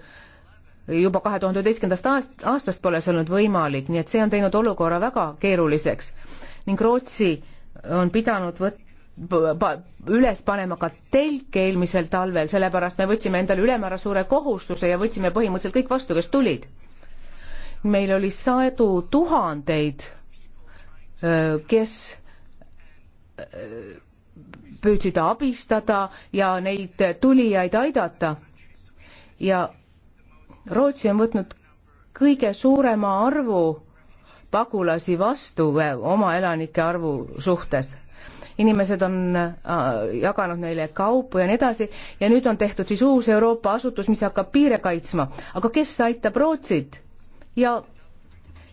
juba kahe tuhande üheteistkümnendast aastast pole see olnud võimalik, nii et see on teinud olukorra väga keeruliseks. ning Rootsi on pidanud võt-, üles panema ka telke eelmisel talvel, sellepärast me võtsime endale ülemäära suure kohustuse ja võtsime põhimõtteliselt kõik vastu, kes tulid. meil oli sadu tuhandeid, kes püüdsid abistada ja neid tulijaid aidata ja Rootsi on võtnud kõige suurema arvu pagulasi vastu äh, oma elanike arvu suhtes. inimesed on äh, jaganud neile kaupu ja nii edasi ja nüüd on tehtud siis uus Euroopa asutus, mis hakkab piire kaitsma. aga kes aitab Rootsit ja,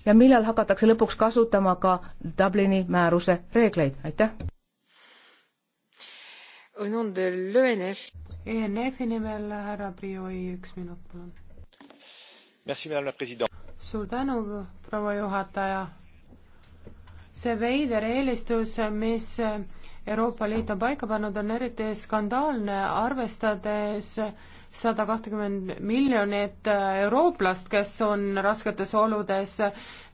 ja millal hakatakse lõpuks kasutama ka Dublini määruse reegleid, aitäh! ENF-i e nimel härra Prioi, üks minut palun suur tänu, proua juhataja. see veider eelistus, mis Euroopa Liit on paika pannud, on eriti skandaalne, arvestades sada kakskümmend miljonit eurooplast, kes on rasketes oludes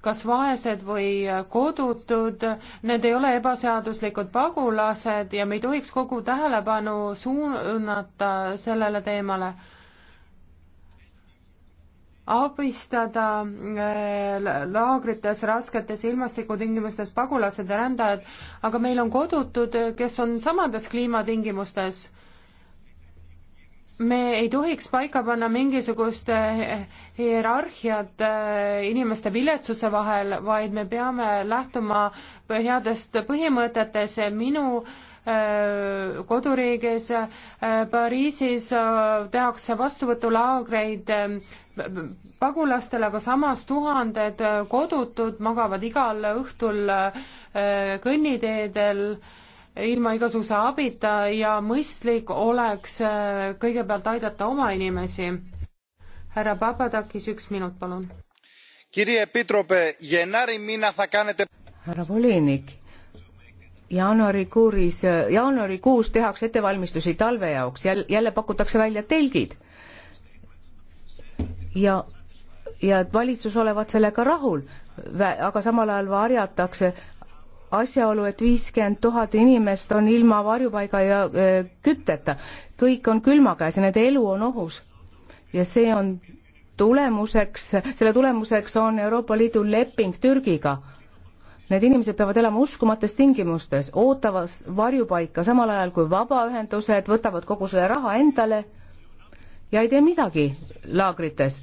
kas vaesed või kodutud, need ei ole ebaseaduslikud pagulased ja me ei tohiks kogu tähelepanu suunata sellele teemale abistada äh, laagrites rasketes ilmastikutingimustes pagulased ja rändajad, aga meil on kodutud, kes on samades kliimatingimustes. me ei tohiks paika panna mingisugust äh, hierarhiat äh, inimeste viletsuse vahel, vaid me peame lähtuma headest põhimõtetes, minu koduriigis Pariisis tehakse vastuvõtulaagreid pagulastele, aga samas tuhanded kodutud magavad igal õhtul äh, kõnniteedel ilma igasuguse abita ja mõistlik oleks äh, kõigepealt aidata oma inimesi. härra Papadakis, üks minut, palun. härra volinik, jaanuarikuuris, jaanuarikuus tehakse ettevalmistusi talve jaoks, jälle pakutakse välja telgid ja, ja et valitsus olevat sellega rahul, aga samal ajal varjatakse asjaolu, et viiskümmend tuhat inimest on ilma varjupaiga ja e, kütteta. kõik on külma käes ja nende elu on ohus. ja see on tulemuseks, selle tulemuseks on Euroopa Liidu leping Türgiga. Need inimesed peavad elama uskumates tingimustes, ootavad varjupaika, samal ajal kui vabaühendused võtavad kogu selle raha endale ja ei tee midagi laagrites.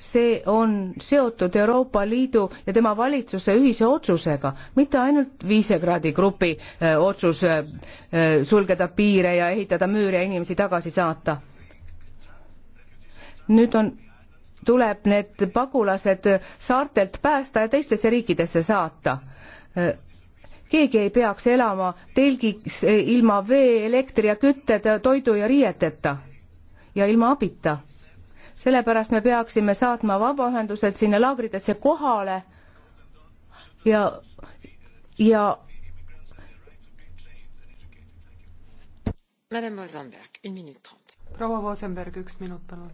see on seotud Euroopa Liidu ja tema valitsuse ühise otsusega, mitte ainult Viisegradi grupi öö, äh, otsus öö, äh, äh, sulgeda piire ja ehitada müüri ja inimesi tagasi saata. nüüd on, tuleb need pagulased saartelt päästa ja teistesse riikidesse saata keegi ei peaks elama telgis ilma vee, elektri ja kütteta, toidu ja riieteta ja ilma abita. sellepärast me peaksime saatma vabaühendused sinna laagritesse kohale ja, ja proua Vosenberg, üks minut, palun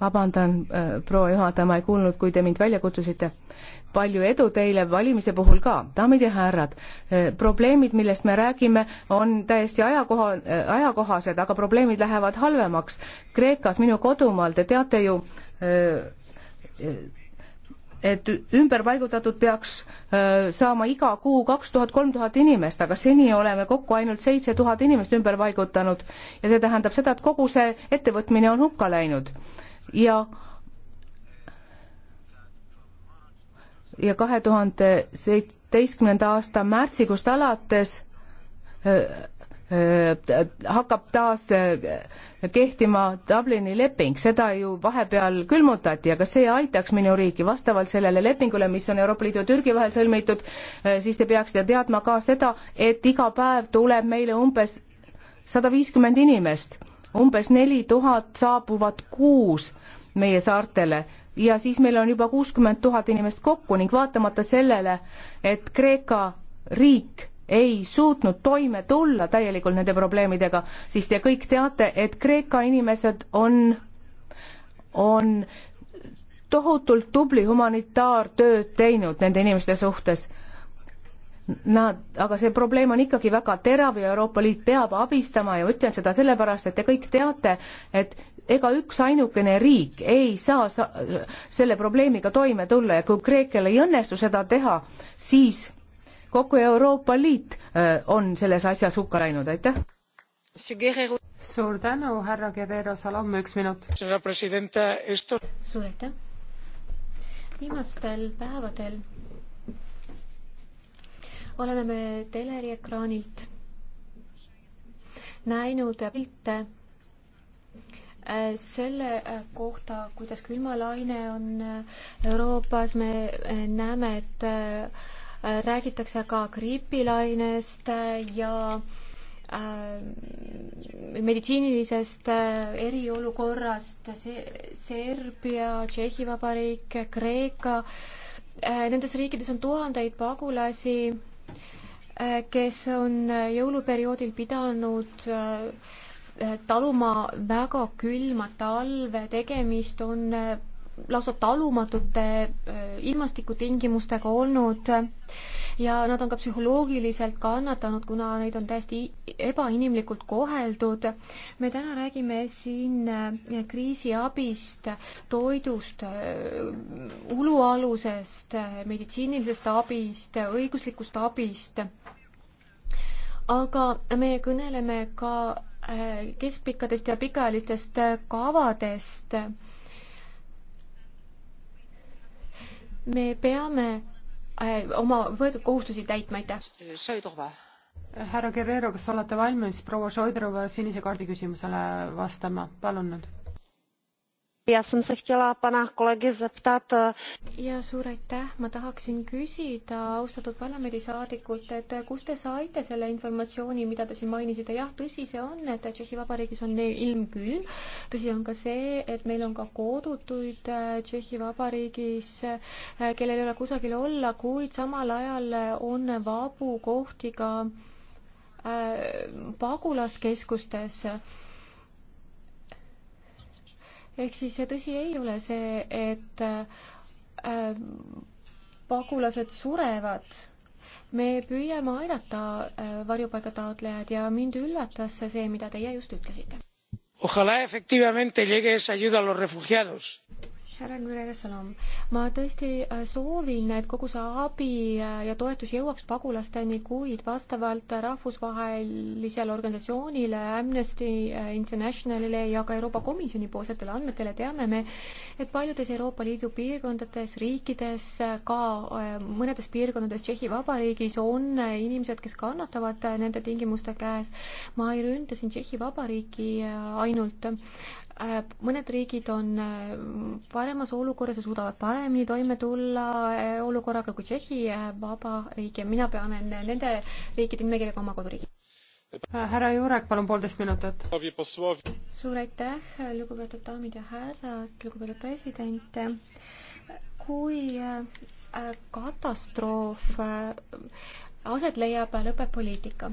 vabandan äh, proua juhataja ma ei kuulnud kui te mind välja kutsusite palju edu teile valimise puhul ka daamid ja härrad äh, probleemid millest me räägime on täiesti ajakoha äh, ajakohased aga probleemid lähevad halvemaks kreekas minu kodumaal te teate ju et ümberpaigutatud peaks äh, saama iga kuu kaks tuhat, kolm tuhat inimest, aga seni oleme kokku ainult seitse tuhat inimest ümber paigutanud ja see tähendab seda, et kogu see ettevõtmine on hukka läinud ja ja kahe tuhande seitsmeteistkümnenda aasta märtsikuust alates äh, Äh, hakkab taas äh, kehtima Dublini leping, seda ju vahepeal külmutati, aga see aitaks minu riiki vastavalt sellele lepingule, mis on Euroopa Liidu ja Türgi vahel sõlmitud, äh, siis te peaksite teadma ka seda, et iga päev tuleb meile umbes sada viiskümmend inimest, umbes neli tuhat saabuvad kuus meie saartele ja siis meil on juba kuuskümmend tuhat inimest kokku ning vaatamata sellele, et Kreeka riik ei suutnud toime tulla täielikult nende probleemidega, siis te kõik teate, et Kreeka inimesed on, on tohutult tubli humanitaartööd teinud nende inimeste suhtes. Nad, aga see probleem on ikkagi väga terav ja Euroopa Liit peab abistama ja ütlen seda sellepärast, et te kõik teate, et ega üksainukene riik ei saa sa selle probleemiga toime tulla ja kui Kreekal ei õnnestu seda teha, siis kogu Euroopa Liit äh, on selles asjas hukka läinud, aitäh! suur tänu, härra Guerrero Salom, üks minut. suur aitäh! viimastel päevadel oleme me teleriekraanilt näinud pilte äh, selle äh, kohta, kuidas külmalaine on Euroopas, me näeme, et räägitakse ka gripilainest ja äh, meditsiinilisest äh, eriolukorrast, Serbia, Tšehhi Vabariik, Kreeka, äh, nendes riikides on tuhandeid pagulasi, kes on jõuluperioodil pidanud taluma väga külma talve, tegemist on lausa talumatute äh, ilmastikutingimustega olnud ja nad on ka psühholoogiliselt kannatanud, kuna neid on täiesti ebainimlikult koheldud. me täna räägime siin äh, kriisiabist, toidust, äh, ulualusest, meditsiinilisest abist, õiguslikust abist. aga me kõneleme ka keskpikkadest ja pikaajalistest kavadest me peame äh, oma võetud kohustusi täitma, aitäh. härra Guerrero, kas olete valmis proua Šoidrova sinise kaardi küsimusele vastama, palun nüüd? já jsem se chtěla pana kolegy zeptat eh, ja suur aitäh ma tahaksin küsida austatud parlamendisaadikult et kust te saite selle informatsiooni mida te siin mainisite jah tõsi see on et Tšehhi Vabariigis on ilmkülm tõsi on ka see et meil on ka koodutuid eh, Tšehhi Vabariigis eh, kellel ei ole kusagil olla kuid samal ajal on vabu kohti ka pagulaskeskustes äh, ehk siis see tõsi ei ole see, et äh, pagulased surevad. me püüame aidata äh, varjupaiga taotlejaid ja mind üllatas see, mida teie just ütlesite. Ojalá efectivamente llegue esa ayuda a los refugiados härra Nurele Salom, ma tõesti äh, soovin, et kogu see abi äh, ja toetus jõuaks pagulasteni, kuid vastavalt rahvusvahelisele organisatsioonile Amnesty äh, Internationalile ja ka Euroopa Komisjoni poolsetele andmetele teame me, et paljudes Euroopa Liidu piirkondades, riikides, ka mõnedes piirkondades Tšehhi Vabariigis on inimesed, kes kannatavad nende tingimuste käes. ma ei ründa siin Tšehhi Vabariiki ainult Äh, mõned riigid on äh, paremas olukorras ja suudavad paremini toime tulla äh, olukorraga kui Tšehhi Vabariik ja mina pean nende riikide nimekirjaga oma koduriigi. härra Jurek, palun poolteist minutit. suur aitäh, lugupeetud daamid ja härrad, lugupeetud president. kui katastroof aset leiab, lõpeb poliitika.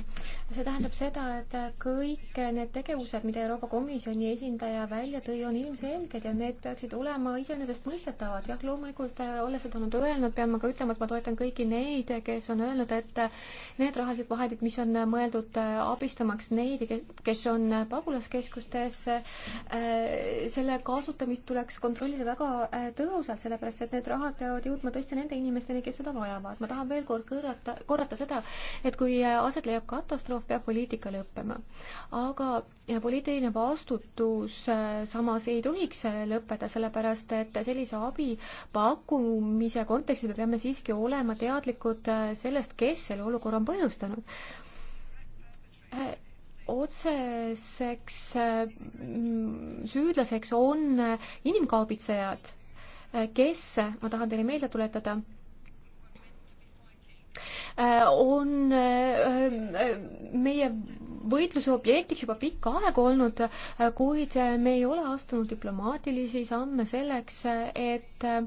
see tähendab seda, et kõik need tegevused, mida Euroopa Komisjoni esindaja välja tõi, on ilmselged ja need peaksid olema iseenesestmõistetavad. jah, loomulikult äh, olles seda nüüd öelnud, pean ma ka ütlema, et ma toetan kõiki neid, kes on öelnud, et äh, need rahalised vahendid, mis on äh, mõeldud abistamaks neid, kes on pagulaskeskustes, selle kasutamist tuleks kontrollida väga tõhusalt, sellepärast et need rahad peavad jõudma tõesti nende inimesteni, kes seda vajavad. ma tahan veel kord kõrvata, korrata, korrata seda, et kui aset leiab katastroof, peab poliitika lõppema. aga poliitiline vastutus äh, samas ei tohiks lõppeda, sellepärast et sellise abi pakkumise kontekstis me peame siiski olema teadlikud äh, sellest, kes selle olukorra on põhjustanud äh, otseseks süüdlaseks on inimkaubitsejad, kes, ma tahan teile meelde tuletada, on äh, meie võitluse objektiks juba pikka aega olnud, kuid me ei ole astunud diplomaatilisi samme selleks, et äh,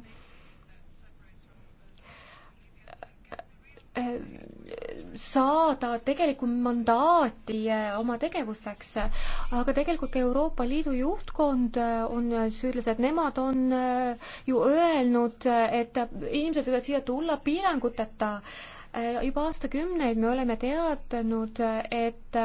saada tegelikku mandaati äh, oma tegevusteks, aga tegelikult ka Euroopa Liidu juhtkond on süüdlased, nemad on ju öelnud, et inimesed võivad siia tulla piiranguteta äh, Äh, juba aastakümneid me oleme teadnud, et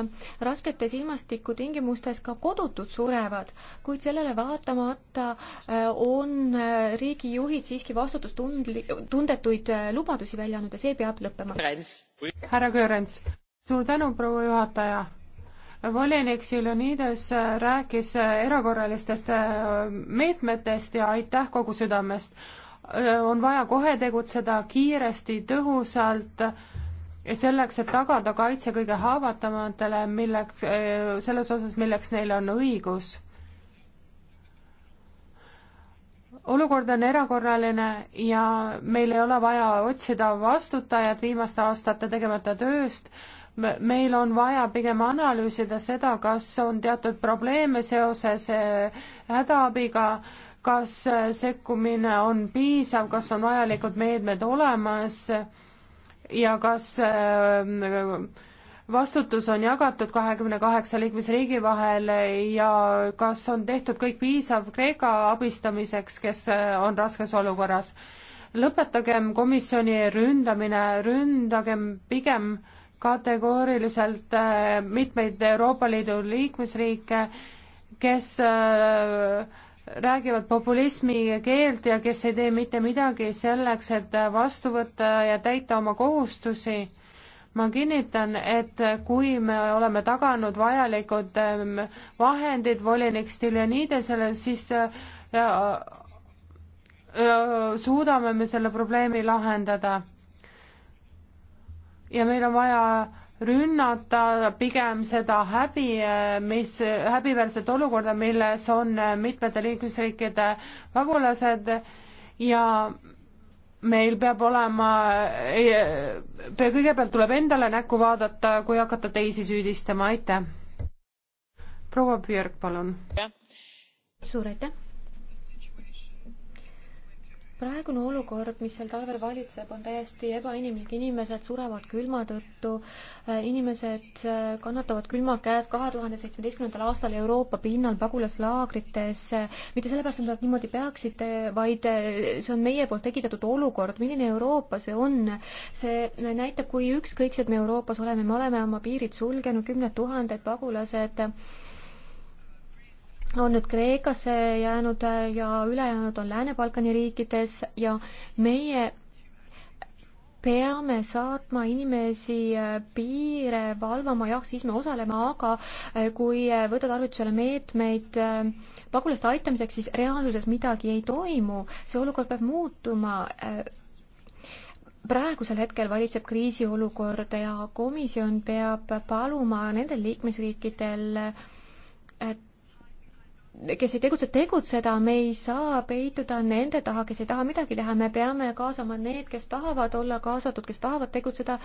rasketes ilmastikutingimustes ka kodutud surevad, kuid sellele vaatamata äh, on äh, riigijuhid siiski vastutustundli-, tundetuid lubadusi välja andnud ja see peab lõppema. härra Köörents, suur tänu, proua juhataja volinik Silonides rääkis erakorralistest meetmetest ja aitäh kogu südamest. Äh, on vaja kohe tegutseda kiiresti, tõhusalt, selleks, et tagada kaitse kõige haavatavamatele, milleks, äh, selles osas, milleks neil on õigus. olukord on erakorraline ja meil ei ole vaja otsida vastutajat viimaste aastate tegemata tööst, meil on vaja pigem analüüsida seda, kas on teatud probleeme seoses äh, hädaabiga äh, kas sekkumine on piisav, kas on vajalikud meetmed olemas ja kas ähm, vastutus on jagatud kahekümne kaheksa liikmesriigi vahel ja kas on tehtud kõik piisav Kreeka abistamiseks, kes äh, on raskes olukorras. lõpetagem komisjoni ründamine, ründagem pigem kategooriliselt äh, mitmeid Euroopa Liidu liikmesriike, kes äh, räägivad populismi keelt ja kes ei tee mitte midagi selleks, et vastu võtta ja täita oma kohustusi. ma kinnitan, et kui me oleme taganud vajalikud ähm, vahendid volinik Stiljanidesele, siis äh, äh, suudame me selle probleemi lahendada. ja meil on vaja rünnata pigem seda häbi, mis, häbiväärset olukorda, milles on mitmete liikmesriikide pagulased ja meil peab olema, kõigepealt tuleb endale näkku vaadata, kui hakata teisi süüdistama, aitäh. proua Björk, palun. suur aitäh praegune olukord, mis seal talvel valitseb, on täiesti ebainimlik, inimesed surevad külma tõttu, äh, inimesed äh, kannatavad külma käes kahe tuhande seitsmeteistkümnendal aastal Euroopa pinnal pagulaslaagrites, mitte sellepärast, et nad niimoodi peaksid, vaid äh, see on meie poolt tekitatud olukord, milline Euroopa see on, see näitab, kui ükskõiksed me Euroopas oleme, me oleme oma piirid sulgenud, kümned tuhanded pagulased on nüüd Kreekasse jäänud äh, ja ülejäänud on Lääne-Balkani riikides ja meie peame saatma inimesi äh, piire valvama, jah, siis me osaleme, aga äh, kui võtta tarvitusele meetmeid pagulaste aitamiseks, siis reaalsuses midagi ei toimu, see olukord peab muutuma. praegusel hetkel valitseb kriisiolukord ja komisjon peab paluma nendel liikmesriikidel, et kes ei tegutse, tegutseda, me ei saa peituda nende taha, kes ei taha midagi teha, me peame kaasama need, kes tahavad olla kaasatud, kes tahavad tegutseda.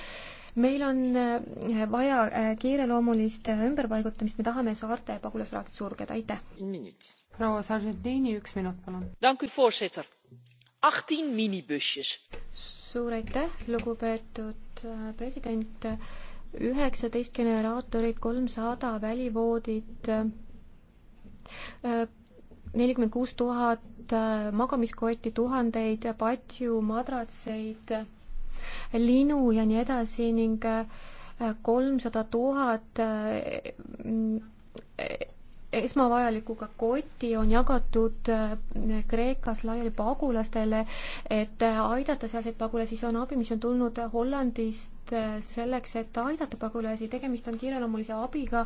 meil on eh, vaja eh, kiireloomulist eh, ümberpaigutamist, me tahame saarte pagulasraadid sulgeda, aitäh. proua Sargentini, üks minut, palun. suur aitäh, lugupeetud president. üheksateist generaatorit, kolmsada välivoodit nelikümmend kuus tuhat äh, magamiskotti, tuhandeid patju, madratseid, linu ja nii edasi ning äh, kolmsada tuhat äh, esmavajalikuga koti on jagatud eh, Kreekas laiali pagulastele, et eh, aidata sealseid pagulasi, see on abi, mis on tulnud eh, Hollandist selleks, et aidata pagulasi, tegemist on kiireloomulise abiga,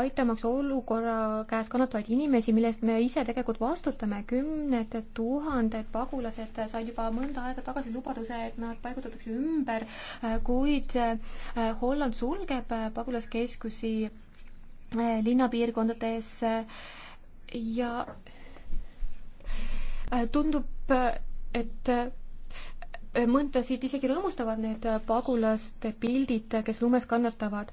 aitamaks olukorra käes kannatavaid inimesi, millest me ise tegelikult vastutame, kümned tuhanded pagulased said juba mõnda aega tagasi lubaduse, et nad paigutatakse ümber, kuid Holland sulgeb pagulaskeskusi Äh, linnapiirkondades äh, ja äh, tundub, et mõndasid isegi rõõmustavad need pagulaste pildid, kes lumes kannatavad.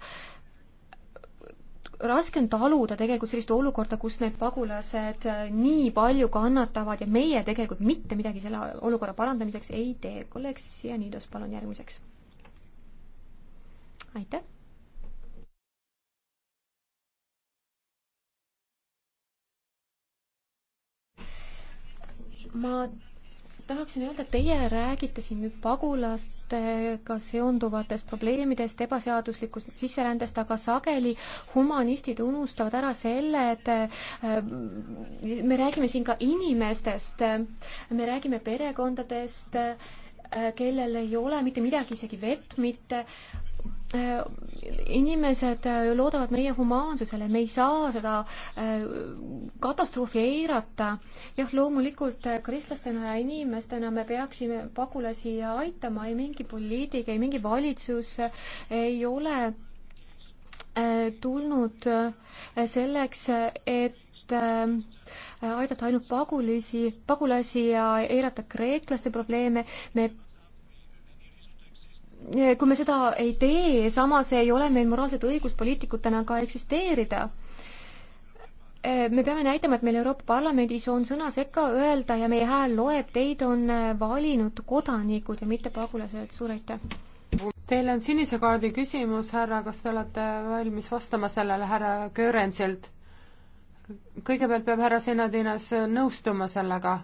raske on taluda tegelikult sellist olukorda, kus need pagulased nii palju kannatavad ja meie tegelikult mitte midagi selle olukorra parandamiseks ei tee. kolleeg Sianidos, palun järgmiseks. aitäh ma tahaksin öelda, et teie räägite siin nüüd pagulastega seonduvatest probleemidest, ebaseaduslikust sisserändest, aga sageli humanistid unustavad ära selle, et äh, me räägime siin ka inimestest, me räägime perekondadest, äh, kellel ei ole mitte midagi, isegi vett mitte inimesed äh, loodavad meie humaansusele, me ei saa seda äh, katastroofi eirata. jah, loomulikult äh, kristlastena ja inimestena me peaksime pagulasi aitama, ei mingi poliitik, ei mingi valitsus ei ole tulnud selleks, et aidata ainult pagulisi, pagulasi ja eirata kreeklaste probleeme. me kui me seda ei tee, samas ei ole meil moraalset õigust poliitikutena ka eksisteerida. me peame näitama, et meil Euroopa Parlamendis on sõna sekka öelda ja meie hääl loeb, teid on valinud kodanikud ja mitte pagulased, suur aitäh! Teil on sinise kaardi küsimus, härra, kas te olete valmis vastama sellele härra Göransilt? kõigepealt peab härra Senadinas nõustuma sellega.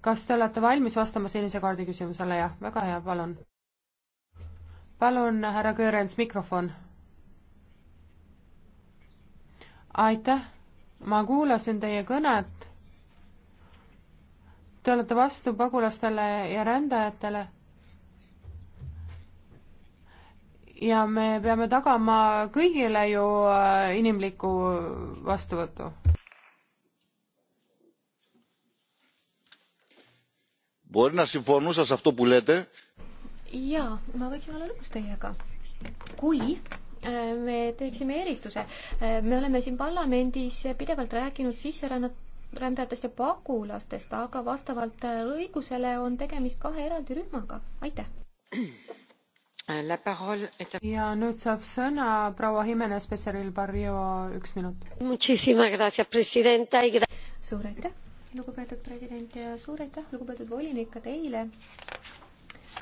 kas te olete valmis vastama sinise kaardi küsimusele, jah? väga hea, palun palun, härra Köörens, mikrofon. aitäh, ma kuulasin teie kõnet. Te olete vastu pagulastele ja rändajatele. ja me peame tagama kõigile ju äh, inimliku vastuvõtu. Μπορεί να συμφωνούσα σε αυτό που λέτε, jaa, ma võiksin olla lõpus teiega. kui äh, me teeksime eristuse, äh, me oleme siin parlamendis pidevalt rääkinud sisserännat-, rändajatest ja pagulastest, aga vastavalt äh, õigusele on tegemist kahe eraldi rühmaga, aitäh. Et... ja nüüd saab sõna proua Jimenez Becerril Barrio, üks minut. suur aitäh, lugupeetud president ja suur aitäh, lugupeetud volinik, ka teile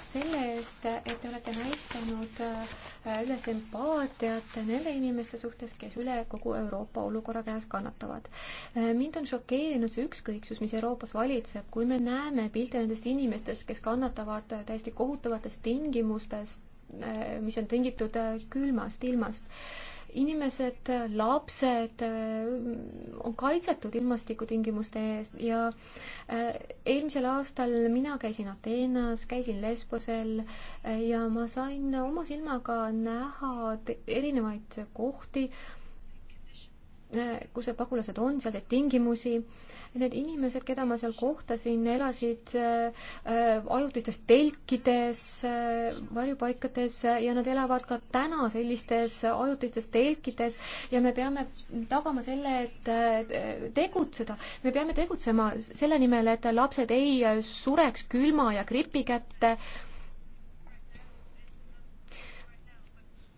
selle eest, et te olete näidanud äh, üles empaatiat nende inimeste suhtes, kes üle kogu Euroopa olukorra käes kannatavad. Äh, mind on šokeerinud see ükskõiksus, mis Euroopas valitseb, kui me näeme pilte nendest inimestest, kes kannatavad äh, täiesti kohutavates tingimustes, mis on tingitud külmast ilmast inimesed, lapsed äh, on kaitsetud ilmastikutingimuste eest ja äh, eelmisel aastal mina käisin Ateenas, käisin Lesbosel äh, ja ma sain oma silmaga näha erinevaid kohti, kus need pagulased on, sealseid tingimusi. Need inimesed, keda ma seal kohtasin, elasid äh, ajutistes telkides, äh, varjupaikades ja nad elavad ka täna sellistes ajutistes telkides ja me peame tagama selle, et äh, tegutseda, me peame tegutsema selle nimel, et lapsed ei sureks külma ja gripi kätte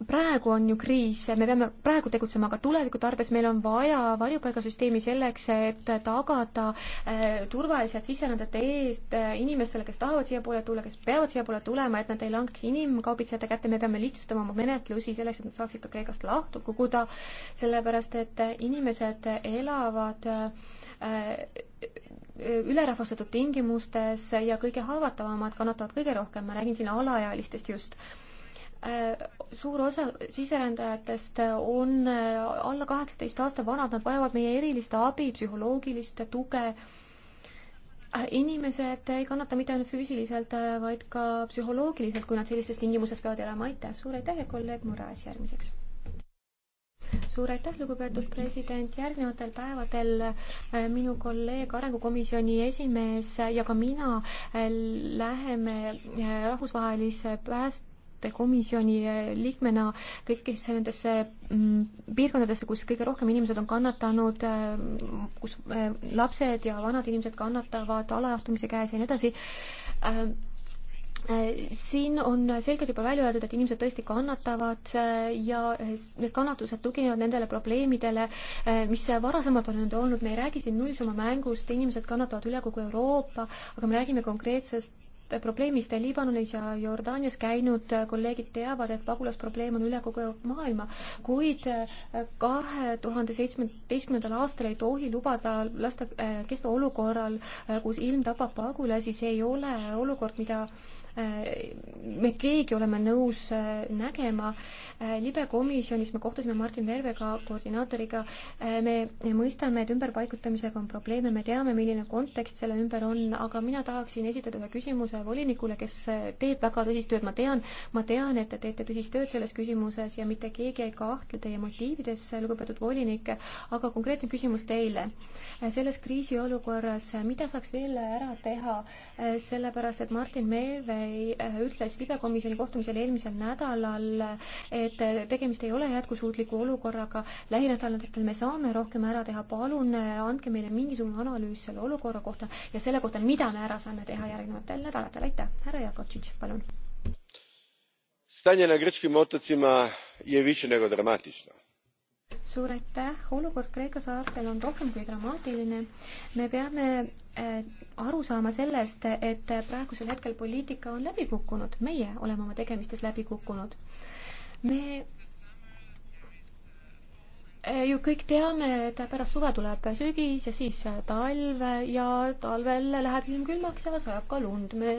praegu on ju kriis, me peame praegu tegutsema, aga tuleviku tarbes meil on vaja varjupaigasüsteemi selleks, et tagada äh, turvalised sisserändajate eest äh, inimestele, kes tahavad siiapoole tulla, kes peavad siiapoole tulema, et nad ei langeks inimkaubitsejate kätte, me peame lihtsustama oma menetlusi selleks, et nad saaksid ka Kreekast lahtu koguda, sellepärast et äh, inimesed elavad ülerahvastatud tingimustes ja kõige haavatavamad kannatavad kõige rohkem, ma räägin siin alaealistest just Äh, suur osa sisserändajatest äh, on äh, alla kaheksateist aasta vanad, nad vajavad meie erilist abi, psühholoogilist tuge. inimesed ei kannata mitte ainult füüsiliselt, vaid ka psühholoogiliselt, kui nad sellistes tingimustes peavad elama. aitäh, suur aitäh ja kolleeg Muraas järgmiseks. suur aitäh, lugupeetud president, järgnevatel päevadel minu kolleeg, arengukomisjoni esimees ja ka mina läheme rahvusvahelise pääst-, olete komisjoni liikmena kõikidesse nendesse mm, piirkondadesse, kus kõige rohkem inimesed on kannatanud, äh, kus äh, lapsed ja vanad inimesed kannatavad alajahtumise käes ja nii edasi äh, siin on selgelt juba välja öeldud, et inimesed tõesti kannatavad ja need kannatused tuginevad nendele probleemidele, mis varasemalt on olnud, me ei räägi siin nullsumma mängust, inimesed kannatavad üle kogu Euroopa, aga me räägime konkreetsest probleemist Liibanonis ja Jordaanias käinud kolleegid teavad, et pagulasprobleem on üle kogu maailma, kuid äh, kahe tuhande seitsmeteistkümnendal aastal ei tohi lubada lasta äh, kesta olukorral, äh, kus ilm tapab pagulasi, see ei ole olukord, mida me keegi oleme nõus äh, nägema. Äh, libe komisjonis me kohtusime Martin Vervega, koordinaatoriga, äh, me mõistame, et ümberpaigutamisega on probleeme, me teame, milline kontekst selle ümber on, aga mina tahaksin esitada ühe küsimuse volinikule, kes teeb väga tõsist tööd, ma tean, ma tean, et te teete tõsist tööd selles küsimuses ja mitte keegi ei kahtle teie motiivides, lugupeetud volinik, aga konkreetne küsimus teile. selles kriisiolukorras, mida saaks veel ära teha, sellepärast et Martin Merve Äh, ütles libekomisjoni kohtumisel eelmisel nädalal, et tegemist ei ole jätkusuutliku olukorraga. lähinädalatel me saame rohkem ära teha, palun äh, andke meile mingisugune analüüs selle olukorra kohta ja selle kohta, mida me ära saame teha järgnevatel nädalatel. aitäh, härra Jakovtšitš, palun. stanje na grčkim otocima je više nego dramatično suur aitäh, olukord Kreeka saartel on rohkem kui dramaatiline. me peame äh, aru saama sellest, et praegusel hetkel poliitika on läbi kukkunud, meie oleme oma tegemistes läbi kukkunud. me äh, ju kõik teame, et pärast suve tuleb sügis ja siis talv ja talvel läheb ilm külmaks ja sajab ka lund. me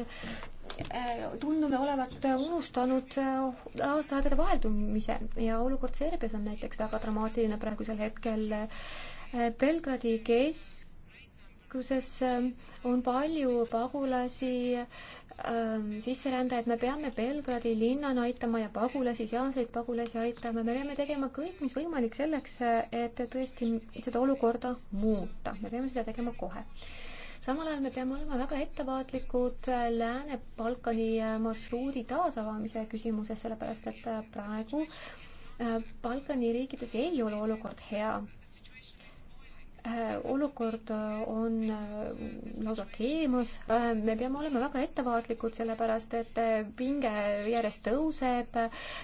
Äh, tundume olevat unustanud äh, aastaaegade vaheldumise ja olukord Serbias on näiteks väga dramaatiline praegusel hetkel. Äh, Belgradi keskuses on palju pagulasi, sisserändajaid, me peame Belgradi linnana aitama ja pagulasi, sealseid pagulasi aitama, me peame tegema kõik, mis võimalik selleks, et tõesti seda olukorda muuta, me peame seda tegema kohe samal ajal me peame olema väga ettevaatlikud Lääne-Balkani äh, marsruudi taasavamise küsimuses, sellepärast et äh, praegu äh, Balkani riikides ei ole olukord hea Äh, olukord äh, on äh, lausa keemas, me peame olema väga ettevaatlikud, sellepärast et pinge järjest tõuseb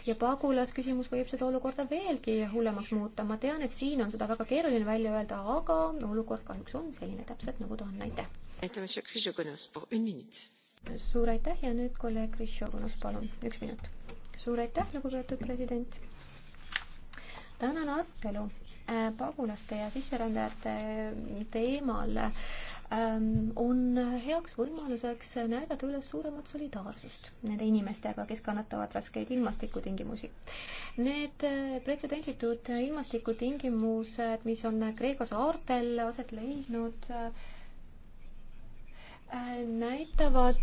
ja pagulasküsimus võib seda olukorda veelgi hullemaks muuta. ma tean, et siin on seda väga keeruline välja öelda, aga olukord kahjuks on selline täpselt, nagu ta on, aitäh. suur aitäh ja nüüd kolleeg Krishogonos, palun, üks minut. suur aitäh, lugupeetud president. tänane arutelu Äh, pagulaste ja sisserändajate äh, teemal ähm, on heaks võimaluseks näidata üles suuremat solidaarsust nende inimestega, kes kannatavad raskeid ilmastikutingimusi. Need äh, pretsedenditud ilmastikutingimused, mis on Kreeka saartel aset leidnud, näitavad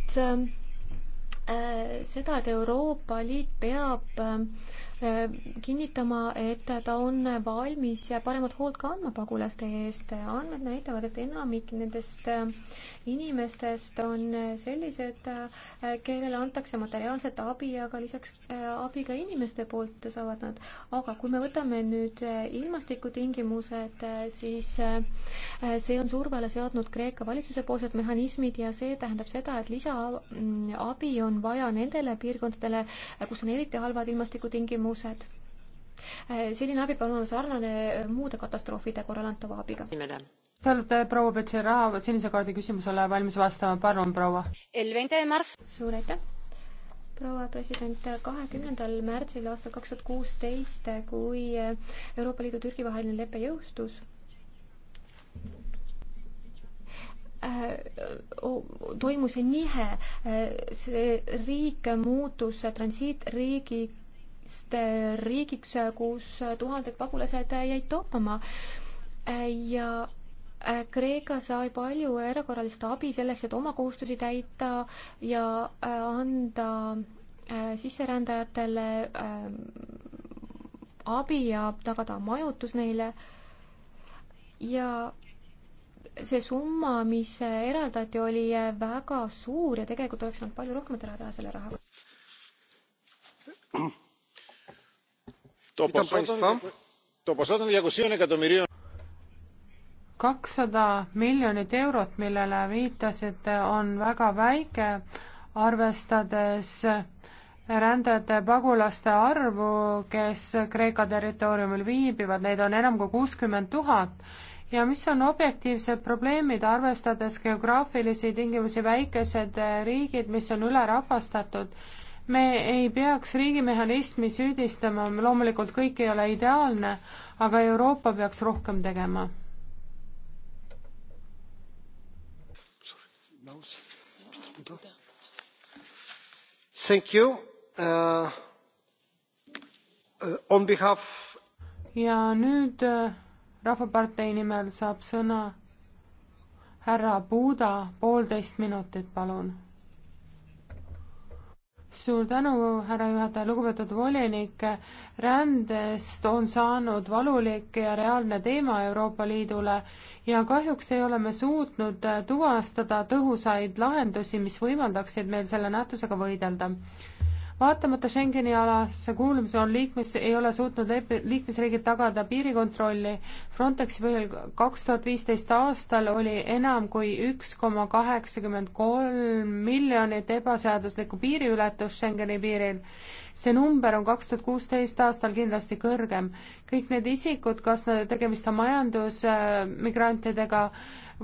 seda, et Euroopa Liit peab Äh, kinnitama, et ta on valmis paremat hoolt kandma pagulaste eest. andmed näitavad, et enamik nendest äh, inimestest on äh, sellised, kellele antakse materiaalset abi, aga lisaks abi ka inimeste poolt saavad nad. aga kui me võtame nüüd ilmastikutingimused, siis see on survele seadnud Kreeka valitsuse poolsed mehhanismid ja see tähendab seda, et lisaabi mm, on vaja nendele piirkondadele, kus on eriti halvad ilmastikutingimused, küsimused. Äh, selline abipalve on sarnane äh, muude katastroofide korral antava abiga. Te olete äh, proua Petšeraha sinise kaardi küsimusele valmis vastama, palun proua. suur aitäh proua president, kahekümnendal märtsil aastal kaks tuhat kuusteist, kui Euroopa Liidu Türgi vaheline lepe jõustus, toimus nihe, see riik muutus transiitriigiks Liidust riigiks, kus tuhanded pagulased jäid toppama ja äh, Kreeka sai palju erakorralist abi selleks, et oma kohustusi täita ja äh, anda äh, sisserändajatele abi ja tagada majutus neile. ja see summa, mis eraldati, oli väga suur ja tegelikult oleks saanud palju rohkemat ära teha selle rahaga [CLEARS THROAT] kakssada miljonit eurot, millele viitasite, on väga väike, arvestades rändajate pagulaste arvu, kes Kreeka territooriumil viibivad, neid on enam kui kuuskümmend tuhat ja mis on objektiivsed probleemid, arvestades geograafilisi tingimusi, väikesed riigid, mis on ülerahvastatud me ei peaks riigimehhanismi süüdistama, loomulikult kõik ei ole ideaalne, aga Euroopa peaks rohkem tegema. Thank you uh,. uh on behalf. ja nüüd uh, Rahvapartei nimel saab sõna härra Buda, poolteist minutit, palun suur tänu, härra juhataja, lugupeetud volinik. rändest on saanud valulik ja reaalne teema Euroopa Liidule ja kahjuks ei ole me suutnud tuvastada tõhusaid lahendusi, mis võimaldaksid meil selle nähtusega võidelda vaatamata Schengeni alasse kuulumise on liikmes, ei ole suutnud lepi-, liikmesriigid tagada piirikontrolli. Frontexi põhjal kaks tuhat viisteist aastal oli enam kui üks koma kaheksakümmend kolm miljonit ebaseaduslikku piiriületust Schengeni piiril see number on kaks tuhat kuusteist aastal kindlasti kõrgem. kõik need isikud, kas tegemist on majandusmigrantidega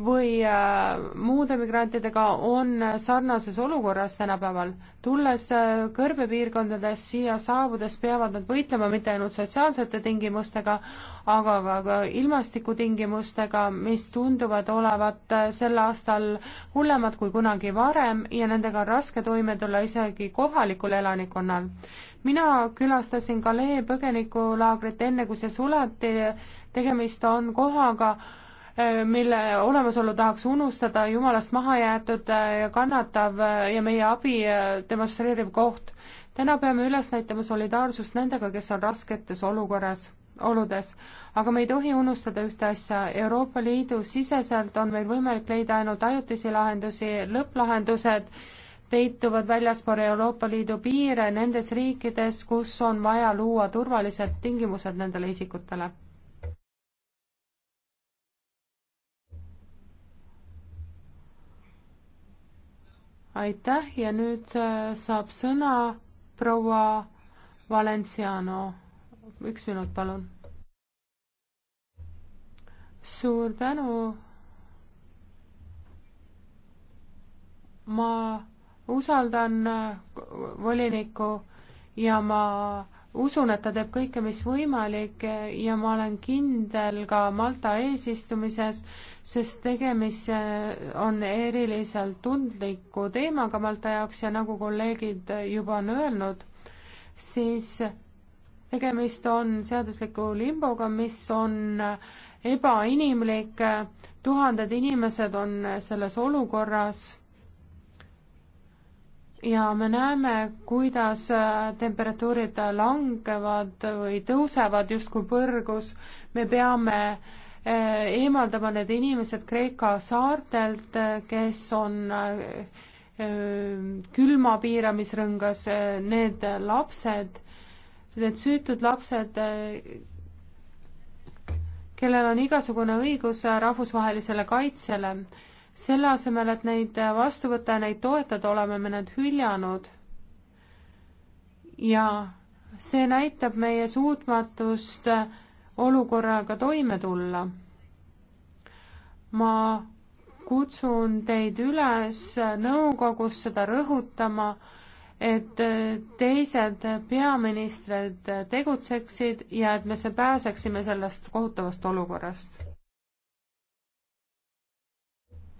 või äh, muude migrantidega, on sarnases olukorras tänapäeval. tulles äh, kõrbepiirkondadest siia saabudes, peavad nad võitlema mitte ainult sotsiaalsete tingimustega, aga ka ilmastikutingimustega, mis tunduvad olevat sel aastal hullemad kui kunagi varem ja nendega on raske toime tulla isegi kohalikul elanikkonnal. mina külastasin Kalee põgenikulaagrit enne, kui see suleti, tegemist on kohaga, eh, mille olemasolu tahaks unustada, jumalast maha jäetud eh, ja kannatav eh, ja meie abi demonstreeriv koht. täna peame üles näitama solidaarsust nendega, kes on rasketes olukorras oludes. aga me ei tohi unustada ühte asja, Euroopa Liidu siseselt on meil võimalik leida ainult ajutisi lahendusi, lõpplahendused peituvad väljaspool Euroopa Liidu piire nendes riikides, kus on vaja luua turvalised tingimused nendele isikutele. aitäh ja nüüd äh, saab sõna proua Valenciano üks minut, palun. suur tänu. ma usaldan volinikku ja ma usun, et ta teeb kõike, mis võimalik ja ma olen kindel ka Malta eesistumises, sest tegemist on eriliselt tundliku teemaga Malta jaoks ja nagu kolleegid juba on öelnud, siis tegemist on seadusliku limboga, mis on ebainimlik, tuhanded inimesed on selles olukorras ja me näeme, kuidas temperatuurid langevad või tõusevad justkui põrgus, me peame eh, eemaldama need inimesed Kreeka saartelt, kes on eh, külma piiramisrõngas, eh, need lapsed need süütud lapsed, kellel on igasugune õigus rahvusvahelisele kaitsele, selle asemel, et neid vastu võtta ja neid toetada, oleme me need hüljanud. ja see näitab meie suutmatust olukorraga toime tulla. ma kutsun teid üles nõukogus seda rõhutama et äh, teised peaministrid tegutseksid ja et me pääseksime sellest kohutavast olukorrast.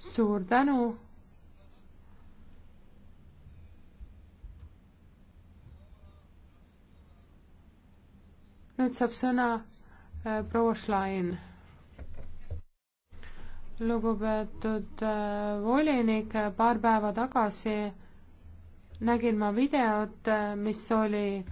suur tänu. nüüd saab sõna äh, proua Schlein. lugupeetud äh, volinik, paar päeva tagasi nägin ma videot, äh, mis oli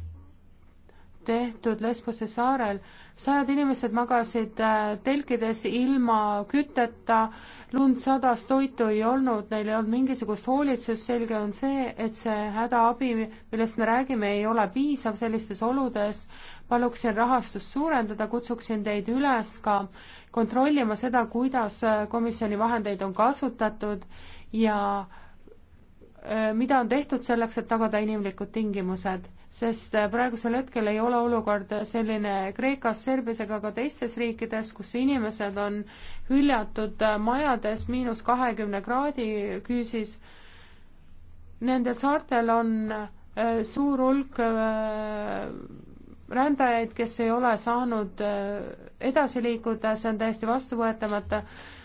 tehtud Lesbose saarel. sajad inimesed magasid äh, telkides ilma kütteta, lund sadas, toitu ei olnud, neil ei olnud mingisugust hoolitsust, selge on see, et see hädaabi, millest me räägime, ei ole piisav sellistes oludes. paluksin rahastust suurendada, kutsuksin teid üles ka kontrollima seda, kuidas äh, komisjoni vahendeid on kasutatud ja äh, Äh, mida on tehtud selleks, et tagada inimlikud tingimused, sest äh, praegusel hetkel ei ole olukord selline Kreekas, Serbias ega ka teistes riikides, kus inimesed on hüljatud äh, majades miinus kahekümne kraadi küüsis. Nendel saartel on suur hulk rändajaid, kes ei ole saanud edasi liikuda, see on täiesti vastuvõetamata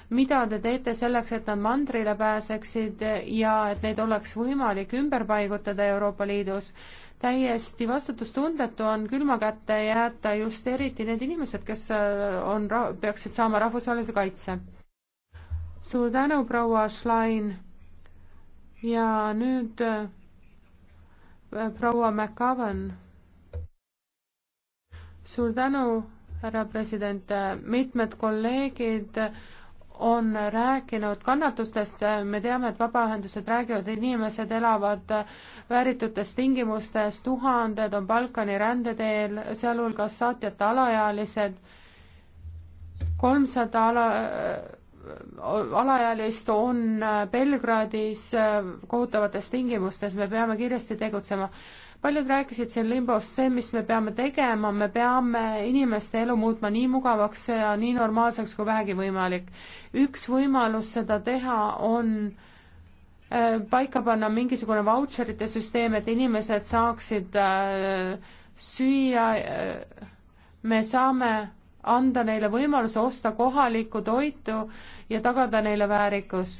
mida te teete selleks, et nad mandrile pääseksid ja et neid oleks võimalik ümber paigutada Euroopa Liidus? täiesti vastutustundetu on külma kätte jätta just eriti need inimesed, kes äh, on, peaksid saama rahvusvahelise kaitse. suur tänu, proua Schlein. ja nüüd äh, proua McAvan. suur tänu, härra president, mitmed kolleegid on rääkinud kannatustest, me teame, et vabaühendused räägivad, inimesed elavad vääritutes tingimustes, tuhanded on Balkani rändeteel, sealhulgas saatjate alaealised, kolmsada ala, alaealist on Belgradis kohutavates tingimustes, me peame kiiresti tegutsema paljud rääkisid siin limbost, see, mis me peame tegema, me peame inimeste elu muutma nii mugavaks ja nii normaalseks kui vähegi võimalik. üks võimalus seda teha on äh, paika panna mingisugune vautšerite süsteem, et inimesed saaksid äh, süüa äh,, me saame anda neile võimaluse osta kohalikku toitu ja tagada neile väärikus.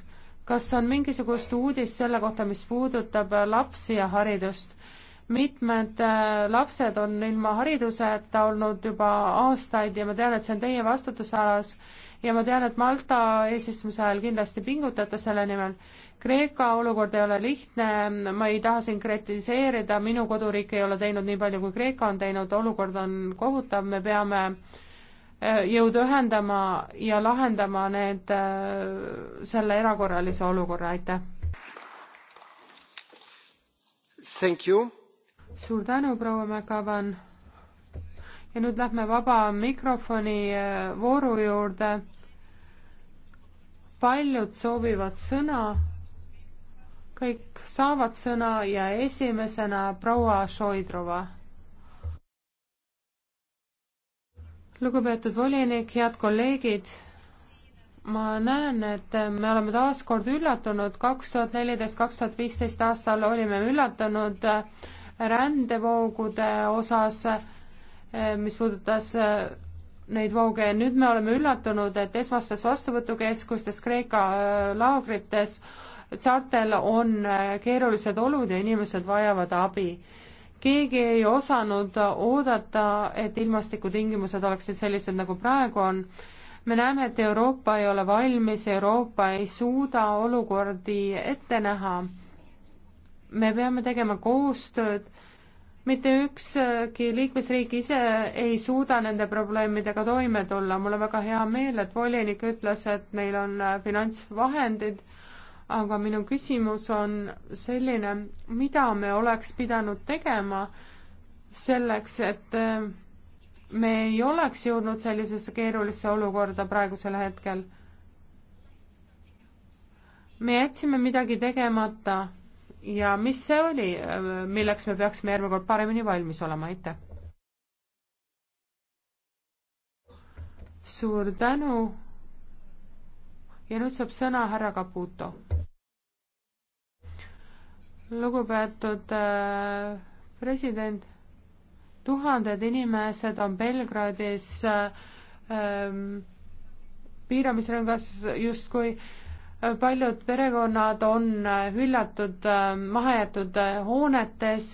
kas on mingisugust uudist selle kohta, mis puudutab lapsi ja haridust? mitmed äh, lapsed on ilma hariduseta olnud juba aastaid ja ma tean, et see on teie vastutusalas ja ma tean, et Malta eesistumise ajal kindlasti pingutate selle nimel. Kreeka olukord ei ole lihtne, ma ei taha siin kritiseerida, minu koduriik ei ole teinud nii palju, kui Kreeka on teinud, olukord on kohutav, me peame äh, jõud ühendama ja lahendama need, äh, selle erakorralise olukorra, aitäh! Thank you suur tänu, proua Mäkavan. ja nüüd lähme vaba mikrofoni äh, vooru juurde. paljud soovivad sõna. kõik saavad sõna ja esimesena proua Šoidrova. lugupeetud volinik, head kolleegid ma näen, et me oleme taas kord üllatunud, kaks tuhat neliteist, kaks tuhat viisteist aastal olime üllatunud äh, rändevoogude osas, eh, mis puudutas eh, neid vooge, nüüd me oleme üllatunud, et esmastes vastuvõtukeskustes Kreeka eh, laagrites saartel on keerulised olud ja inimesed vajavad abi. keegi ei osanud oodata, et ilmastikutingimused oleksid sellised, nagu praegu on. me näeme, et Euroopa ei ole valmis, Euroopa ei suuda olukordi ette näha me peame tegema koostööd, mitte ükski liikmesriik ise ei suuda nende probleemidega toime tulla. mul on väga hea meel, et volinik ütles, et meil on äh, finantsvahendid, aga minu küsimus on selline, mida me oleks pidanud tegema selleks, et äh, me ei oleks jõudnud sellisesse keerulisse olukorda praegusel hetkel. me jätsime midagi tegemata ja mis see oli, milleks me peaksime järgmine kord paremini valmis olema, aitäh! suur tänu ja nüüd saab sõna härra Caputo. lugupeetud äh, president, tuhanded inimesed on Belgradis äh, ähm, piiramisrõngas justkui äh, paljud perekonnad on hüljatud, mahajäetud hoonetes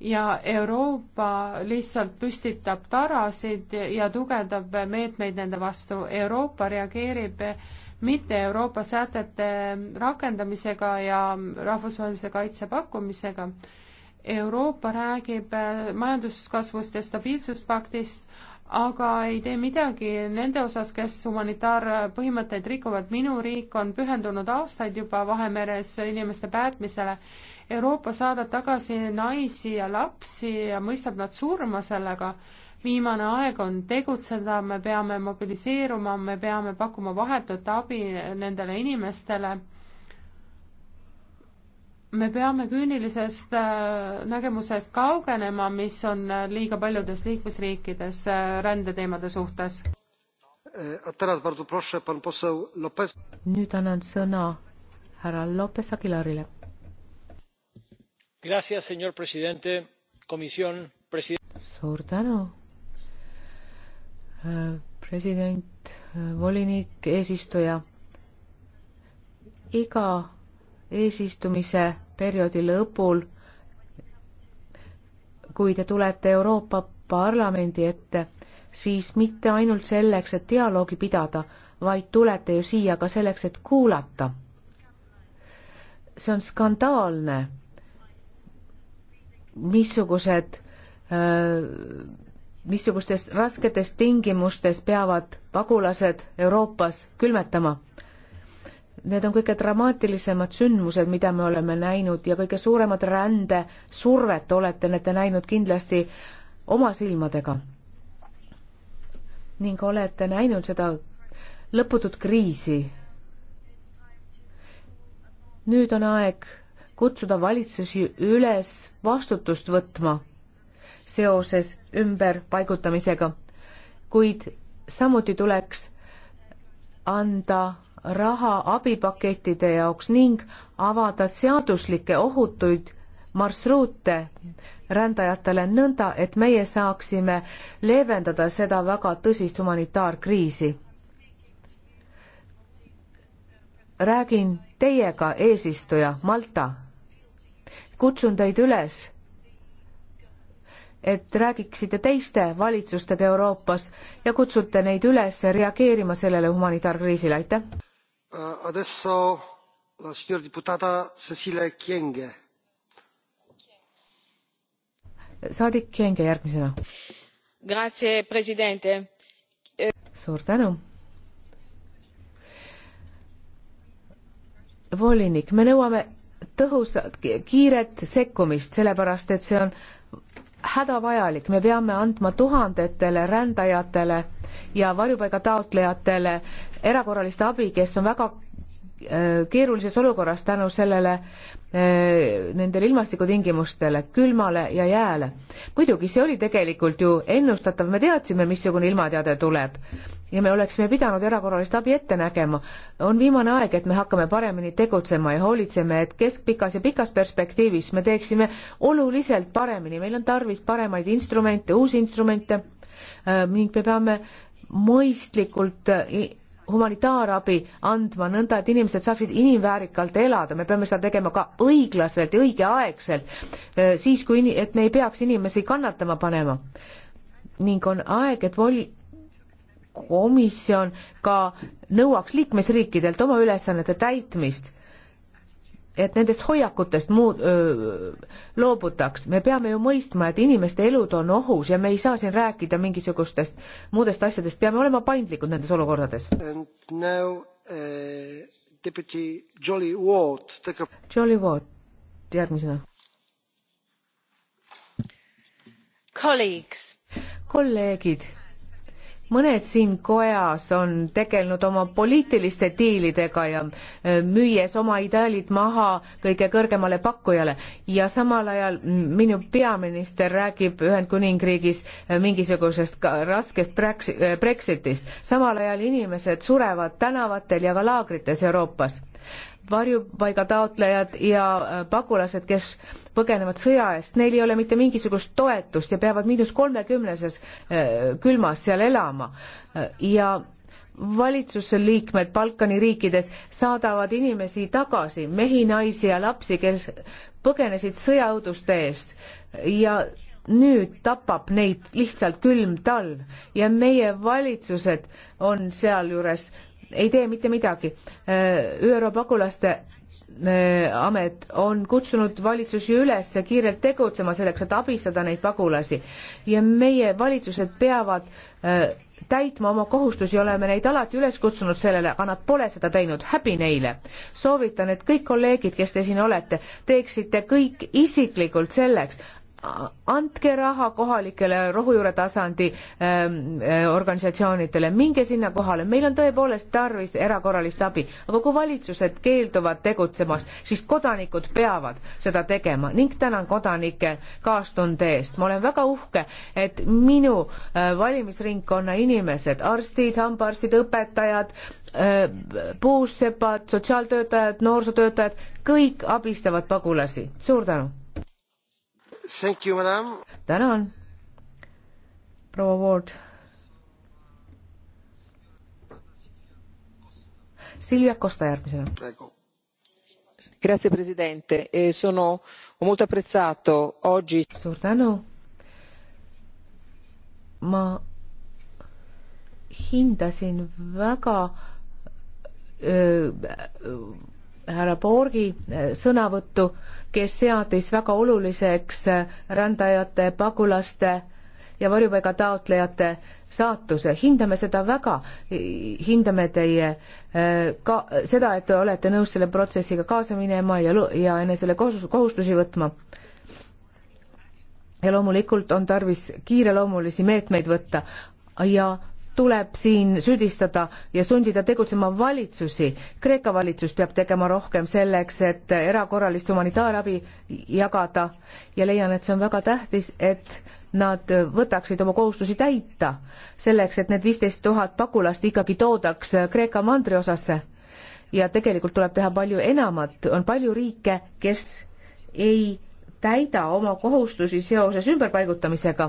ja Euroopa lihtsalt püstitab tarasid ja tugevdab meetmeid nende vastu. Euroopa reageerib mitte Euroopa sätete rakendamisega ja rahvusvahelise kaitse pakkumisega. Euroopa räägib majanduskasvust ja stabiilsuspaktist, aga ei tee midagi nende osas, kes humanitaarpõhimõtteid rikuvad. minu riik on pühendunud aastaid juba Vahemeres inimeste päätmisele. Euroopa saadab tagasi naisi ja lapsi ja mõistab nad surma sellega. viimane aeg on tegutseda, me peame mobiliseeruma, me peame pakkuma vahetut abi nendele inimestele me peame küünilisest äh, nägemusest kaugenema, mis on äh, liiga paljudes liikmesriikides äh, rändeteemade suhtes. nüüd annan sõna härra Lopez Aguilarile. suur tänu, president, volinik, eesistuja. iga eesistumise perioodi lõpul, kui te tulete Euroopa Parlamendi ette, siis mitte ainult selleks, et dialoogi pidada, vaid tulete ju siia ka selleks, et kuulata. see on skandaalne, missugused öö, äh, missugustes rasketes tingimustes peavad pagulased Euroopas külmetama Need on kõige dramaatilisemad sündmused, mida me oleme näinud ja kõige suuremat rändesurvet olete te näinud kindlasti oma silmadega. ning olete näinud seda lõputut kriisi. nüüd on aeg kutsuda valitsusi üles vastutust võtma seoses ümberpaigutamisega, kuid samuti tuleks anda raha abipakettide jaoks ning avada seaduslikke ohutuid marsruute rändajatele nõnda, et meie saaksime leevendada seda väga tõsist humanitaarkriisi. räägin teiega, eesistuja Malta. kutsun teid üles, et räägiksite teiste valitsustega Euroopas ja kutsute neid üles reageerima sellele humanitaarkriisile, aitäh! Eh, adesso la signora deputata Cecilia Kienge. saadik Kienge järgmisena. Grazie, president. suur tänu. volinik, me nõuame tõhusat, kiiret sekkumist, sellepärast et see on hädavajalik, me peame andma tuhandetele rändajatele ja varjupaiga taotlejatele erakorralist abi, kes on väga Äh, keerulises olukorras tänu sellele, äh, nendele ilmastikutingimustele, külmale ja jääle. muidugi, see oli tegelikult ju ennustatav, me teadsime, missugune ilmateade tuleb ja me oleksime pidanud erakorralist abi ette nägema. on viimane aeg, et me hakkame paremini tegutsema ja hoolitseme, et keskpikas ja pikas perspektiivis me teeksime oluliselt paremini, meil on tarvis paremaid instrumente, uusi instrumente äh, ning me peame mõistlikult humanitaarabi andma nõnda, et inimesed saaksid inimväärikalt elada, me peame seda tegema ka õiglaselt ja õigeaegselt, eh, siis kui, et me ei peaks inimesi kannatama panema. ning on aeg, et vol-, komisjon ka nõuaks liikmesriikidelt oma ülesannete täitmist et nendest hoiakutest muud öö, loobutaks, me peame ju mõistma, et inimeste elud on ohus ja me ei saa siin rääkida mingisugustest muudest asjadest, peame olema paindlikud nendes olukordades. Uh, Jolly Ward, a... Jolly Ward, järgmisena. kolleegid mõned siin kojas on tegelenud oma poliitiliste diilidega ja e, müües oma ideaalid maha kõige kõrgemale pakkujale ja samal ajal minu peaminister räägib Ühendkuningriigis e, mingisugusest raskest e, Brexitist, samal ajal inimesed surevad tänavatel ja ka laagrites Euroopas varjupaigataotlejad ja äh, pagulased, kes põgenevad sõja eest, neil ei ole mitte mingisugust toetust ja peavad miinus kolmekümneses äh, külmas seal elama äh, ja valitsuse liikmed Balkani riikides saadavad inimesi tagasi, mehi, naisi ja lapsi, kes põgenesid sõjaõuduste eest ja nüüd tapab neid lihtsalt külm talv ja meie valitsused on sealjuures ei tee mitte midagi. Äh, ÜRO pagulaste äh, amet on kutsunud valitsusi üles kiirelt tegutsema selleks, et abistada neid pagulasi ja meie valitsused peavad äh, täitma oma kohustusi, oleme neid alati üles kutsunud sellele, aga nad pole seda teinud, häbi neile. soovitan, et kõik kolleegid, kes te siin olete, teeksite kõik isiklikult selleks, andke raha kohalikele rohujuure tasandi ähm, äh, organisatsioonidele, minge sinna kohale, meil on tõepoolest tarvis erakorralist abi, aga kui valitsused keelduvad tegutsemas, siis kodanikud peavad seda tegema ning tänan kodanike kaastunde eest. ma olen väga uhke, et minu äh, valimisringkonna inimesed, arstid, hambaarstid, õpetajad, äh, puussepad, sotsiaaltöötajad, noorsootöötajad, kõik abistavad pagulasi. suur tänu! tänan, proua Ward. Silvia Costa järgmisena. Grazie Presidente, e sono molto apprezzato oggi. suur tänu. ma hindasin väga öö, öö, härra Borgi eh, sõnavõttu, kes seadis väga oluliseks eh, rändajate, pagulaste ja varjupaiga taotlejate saatuse, hindame seda väga, hindame teie eh, ka seda, et te olete nõus selle protsessiga kaasa minema ja, ja enesele kohustusi võtma. ja loomulikult on tarvis kiireloomulisi meetmeid võtta ja tuleb siin süüdistada ja sundida tegutsema valitsusi. Kreeka valitsus peab tegema rohkem selleks, et erakorralist humanitaarabi jagada ja leian, et see on väga tähtis, et nad võtaksid oma kohustusi täita selleks, et need viisteist tuhat pagulast ikkagi toodaks Kreeka mandriosasse. ja tegelikult tuleb teha palju enamat, on palju riike, kes ei täida oma kohustusi seoses ümberpaigutamisega.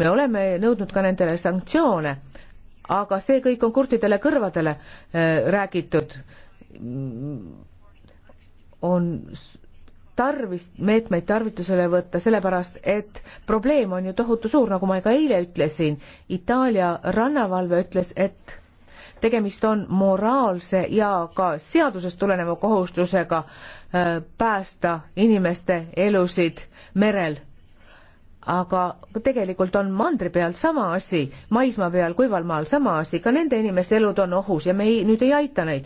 me oleme nõudnud ka nendele sanktsioone, aga see kõik on kurtidele kõrvadele äh, räägitud. on tarvis meetmeid tarvitusele võtta, sellepärast et probleem on ju tohutu suur, nagu ma ka eile ütlesin. Itaalia rannavalve ütles, et tegemist on moraalse ja ka seadusest tuleneva kohustusega äh, päästa inimeste elusid merel. aga tegelikult on mandri peal sama asi, maismaa peal, kuival maal sama asi, ka nende inimeste elud on ohus ja me ei, nüüd ei aita neid.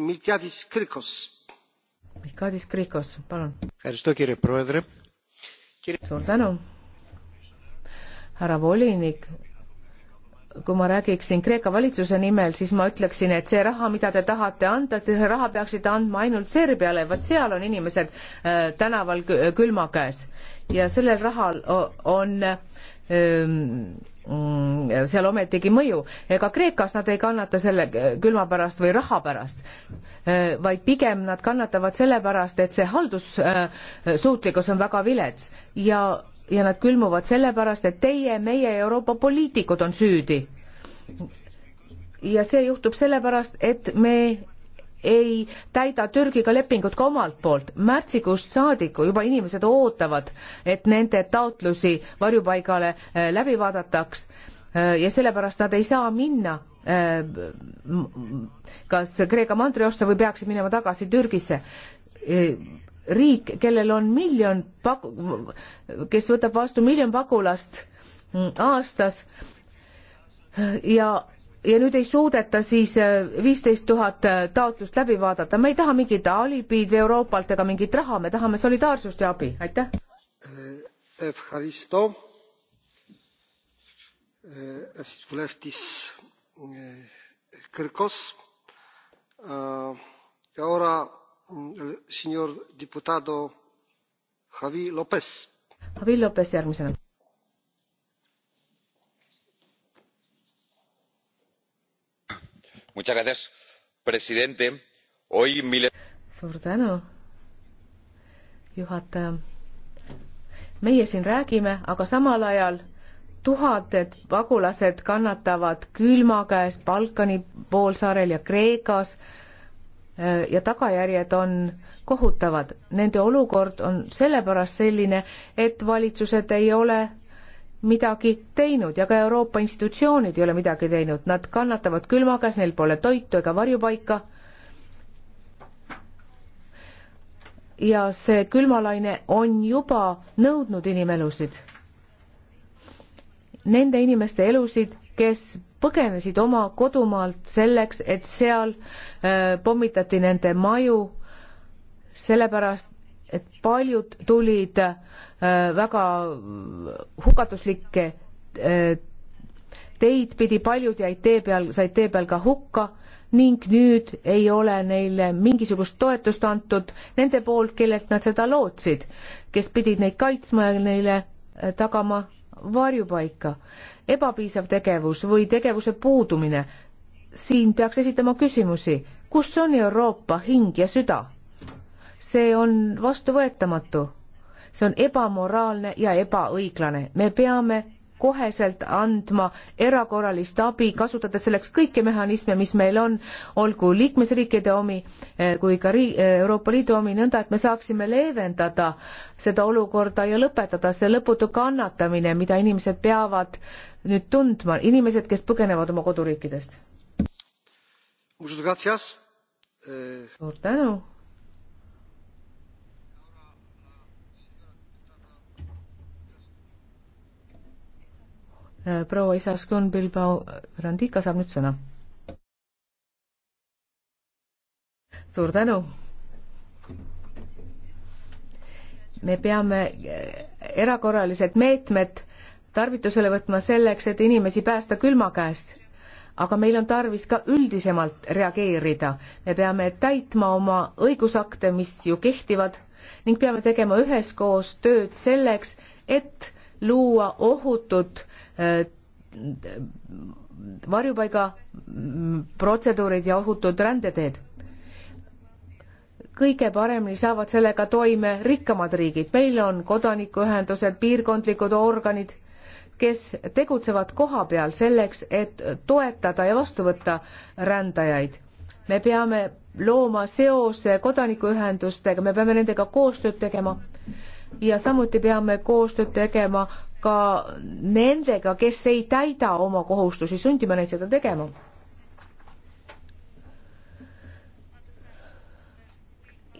Mikadis Krikos, palun. suur tänu härra volinik, kui ma räägiksin Kreeka valitsuse nimel, siis ma ütleksin, et see raha, mida te tahate anda, te selle raha peaksite andma ainult Serbiale, vot seal on inimesed äh, tänaval külma käes ja sellel rahal on ähm, mm, seal ometigi mõju. ega Kreekas nad ei kannata selle külma pärast või raha pärast, äh, vaid pigem nad kannatavad selle pärast, et see haldussuutlikkus äh, on väga vilets ja ja nad külmuvad sellepärast, et teie, meie Euroopa poliitikud on süüdi. ja see juhtub sellepärast, et me ei täida Türgiga lepingut ka omalt poolt. märtsikuust saadiku juba inimesed ootavad, et nende taotlusi varjupaigale äh, läbi vaadataks äh, ja sellepärast nad ei saa minna äh, kas Kreeka mandriosse või peaksid minema tagasi Türgisse riik, kellel on miljon pak-, kes võtab vastu miljon pagulast mm, aastas ja, ja nüüd ei suudeta siis äh, viisteist tuhat äh, taotlust läbi vaadata, me ei taha mingit alibiid Euroopalt ega mingit raha, me tahame solidaarsust ja abi, aitäh. Äh, Kõrgos ja ora signor diputado javi lópez. javi lópez järgmisena. señor presidente hoy miles. suur tänu juhataja. meie siin räägime, aga samal ajal tuhanded pagulased kannatavad külma käest Balkani poolsaarel ja Kreekas Äh, ja tagajärjed on kohutavad. Nende olukord on sellepärast selline, et valitsused ei ole midagi teinud ja ka Euroopa institutsioonid ei ole midagi teinud, nad kannatavad külma käes, neil pole toitu ega varjupaika. ja see külmalaine on juba nõudnud inimelusid. Nende inimeste elusid, kes põgenesid oma kodumaalt selleks, et seal äh, pommitati nende maju, sellepärast et paljud tulid äh, väga hukatuslikke äh, teid pidi, paljud jäid tee peal, said tee peal ka hukka ning nüüd ei ole neile mingisugust toetust antud nende poolt, kellelt nad seda lootsid, kes pidid neid kaitsma ja neile tagama varjupaika ebapiisav tegevus või tegevuse puudumine. siin peaks esitama küsimusi, kus on Euroopa hing ja süda? see on vastuvõetamatu, see on ebamoraalne ja ebaõiglane, me peame koheselt andma erakorralist abi, kasutades selleks kõiki mehhanisme, mis meil on, olgu liikmesriikide omi eh, kui ka ri-, eh, Euroopa Liidu omi, nõnda et me saaksime leevendada seda olukorda ja lõpetada see lõputu kannatamine, mida inimesed peavad nüüd tundma, inimesed, kes põgenevad oma koduriikidest. Eh, suur tänu Äh, proua Isaskun Bilbao Randika saab nüüd sõna. suur tänu. me peame äh, erakorralised meetmed tarvitusele võtma selleks, et inimesi päästa külma käest. aga meil on tarvis ka üldisemalt reageerida. me peame täitma oma õigusakte, mis ju kehtivad ning peame tegema üheskoos tööd selleks, et luua ohutud äh, varjupaiga mm, protseduurid ja ohutud rändeteed. kõige paremini saavad sellega toime rikkamad riigid, meil on kodanikuühendused, piirkondlikud organid, kes tegutsevad koha peal selleks, et toetada ja vastu võtta rändajaid. me peame looma seose kodanikuühendustega, me peame nendega koostööd tegema ja samuti peame koostööd tegema ka nendega, kes ei täida oma kohustusi, sundima neid seda tegema.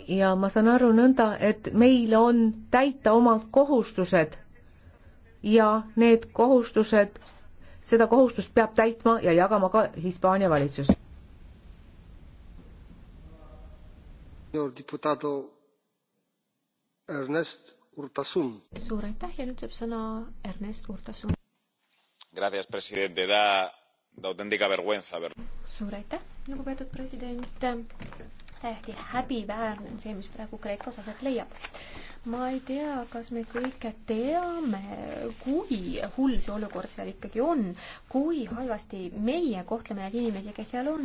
ja ma saan aru nõnda, et meil on täita omad kohustused ja need kohustused, seda kohustust peab täitma ja jagama ka Hispaania valitsus. diputado Ernest Urtasun. suur aitäh ja nüüd saab sõna Ernest Urtasun. Gracias, president, da, da autentica vergüenza ver.... suur aitäh, lugupeetud president. täiesti häbiväärne on see, mis praegu Kreekas aset leiab ma ei tea, kas me kõike teame, kui hull see olukord seal ikkagi on, kui halvasti meie kohtleme neid inimesi, kes seal on.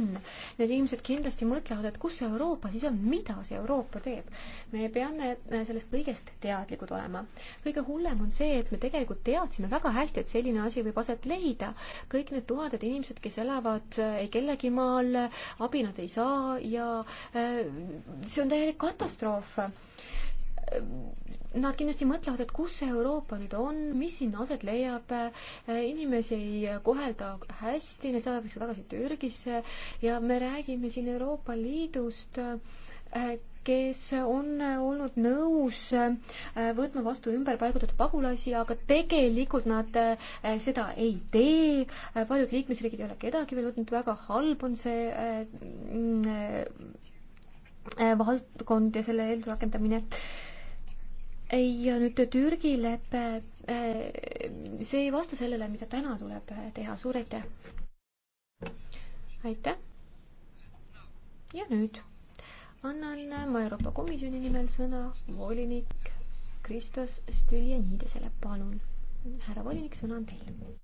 Need inimesed kindlasti mõtlevad, et kus see Euroopa siis on, mida see Euroopa teeb. me peame sellest kõigest teadlikud olema. kõige hullem on see, et me tegelikult teadsime väga hästi, et selline asi võib aset leida. kõik need tuhanded inimesed, kes elavad ei kellegi maal, abi nad ei saa ja äh, see on täielik katastroof Nad kindlasti mõtlevad, et kus see Euroopa nüüd on, mis siin aset leiab, inimesi ei kohelda hästi, neid saadetakse tagasi Türgisse ja me räägime siin Euroopa Liidust, kes on olnud nõus äh, võtma vastu ümberpaigutatud pagulasi, aga tegelikult nad äh, seda ei tee. Äh, paljud liikmesriigid ei ole kedagi veel võtnud, väga halb on see mm, valdkond ja selle eelrakendamine ja nüüd Türgi lepe, äh, see ei vasta sellele, mida täna tuleb äh, teha, suur aitäh! aitäh! ja nüüd annan ma Euroopa Komisjoni nimel sõna volinik Kristos Stüljanidesele, palun. härra volinik, sõna on teil.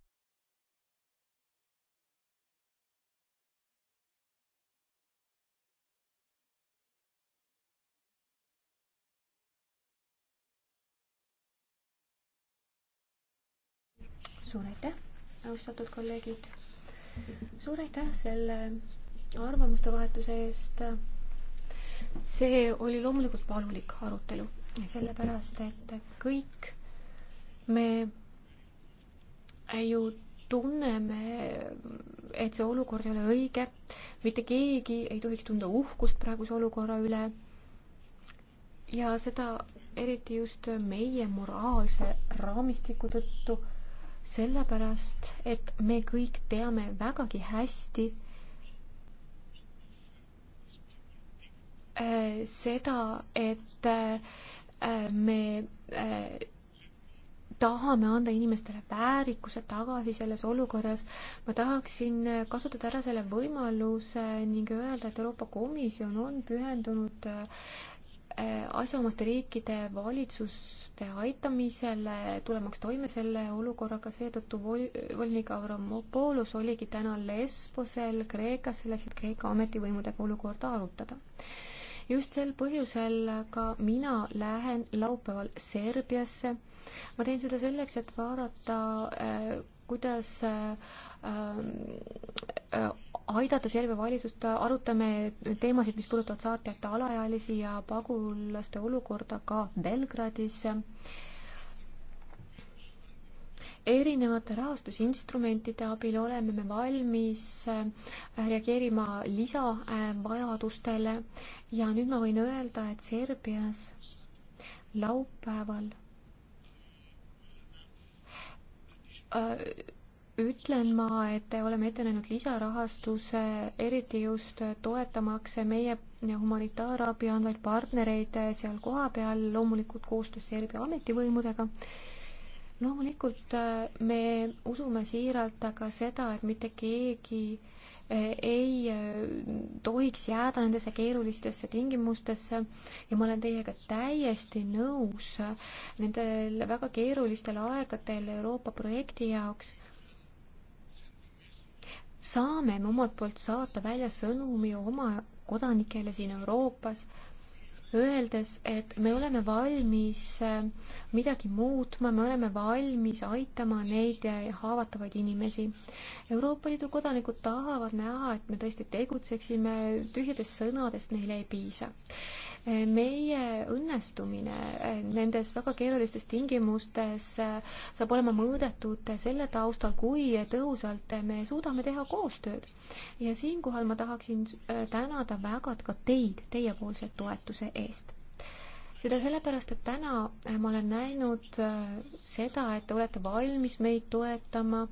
suur aitäh, austatud kolleegid. suur aitäh selle arvamuste vahetuse eest. see oli loomulikult valulik arutelu, sellepärast et kõik me ju tunneme, et see olukord ei ole õige. mitte keegi ei tohiks tunda uhkust praeguse olukorra üle. ja seda eriti just meie moraalse raamistiku tõttu sellepärast et me kõik teame vägagi hästi äh, seda, et äh, me äh, tahame anda inimestele väärikuse tagasi selles olukorras. ma tahaksin kasutada ära selle võimaluse ning öelda, et Euroopa Komisjon on pühendunud äh, asjaomaste riikide valitsuste aitamisele, tulemaks toime selle olukorraga, seetõttu vol-, volinik Avramopoulos oligi täna Lesbosel Kreekas, selleks et Kreeka ametivõimudega olukorda arutada. just sel põhjusel ka mina lähen laupäeval Serbiasse. ma teen seda selleks, et vaadata, äh, kuidas äh, äh, aidata Serbia valitsust, äh, arutame teemasid, mis puudutavad saatjate alaealisi ja pagulaste olukorda ka Belgradis. erinevate rahastusinstrumentide abil oleme me valmis äh, reageerima lisavajadustele ja nüüd ma võin öelda, et Serbias laupäeval äh, ütlen ma, et oleme ette näinud lisarahastuse, eriti just toetamaks meie humanitaarabi andvaid partnereid seal kohapeal, loomulikult koostöös Serbia ametivõimudega loomulikult äh, me usume siiralt ka seda, et mitte keegi äh, ei äh, tohiks jääda nendesse keerulistesse tingimustesse ja ma olen teiega täiesti nõus nendel väga keerulistel aegadel Euroopa projekti jaoks saame me omalt poolt saata välja sõnumi oma kodanikele siin Euroopas, öeldes, et me oleme valmis äh, midagi muutma, me oleme valmis aitama neid äh, haavatavaid inimesi. Euroopa Liidu kodanikud tahavad näha, et me tõesti tegutseksime, tühjadest sõnadest neile ei piisa meie õnnestumine eh, nendes väga keerulistes tingimustes eh, saab olema mõõdetud selle taustal, kui tõhusalt me suudame teha koostööd. ja siinkohal ma tahaksin eh, tänada väga ka teid teiepoolse toetuse eest seda sellepärast, et täna ma olen näinud seda, et te olete valmis meid toetama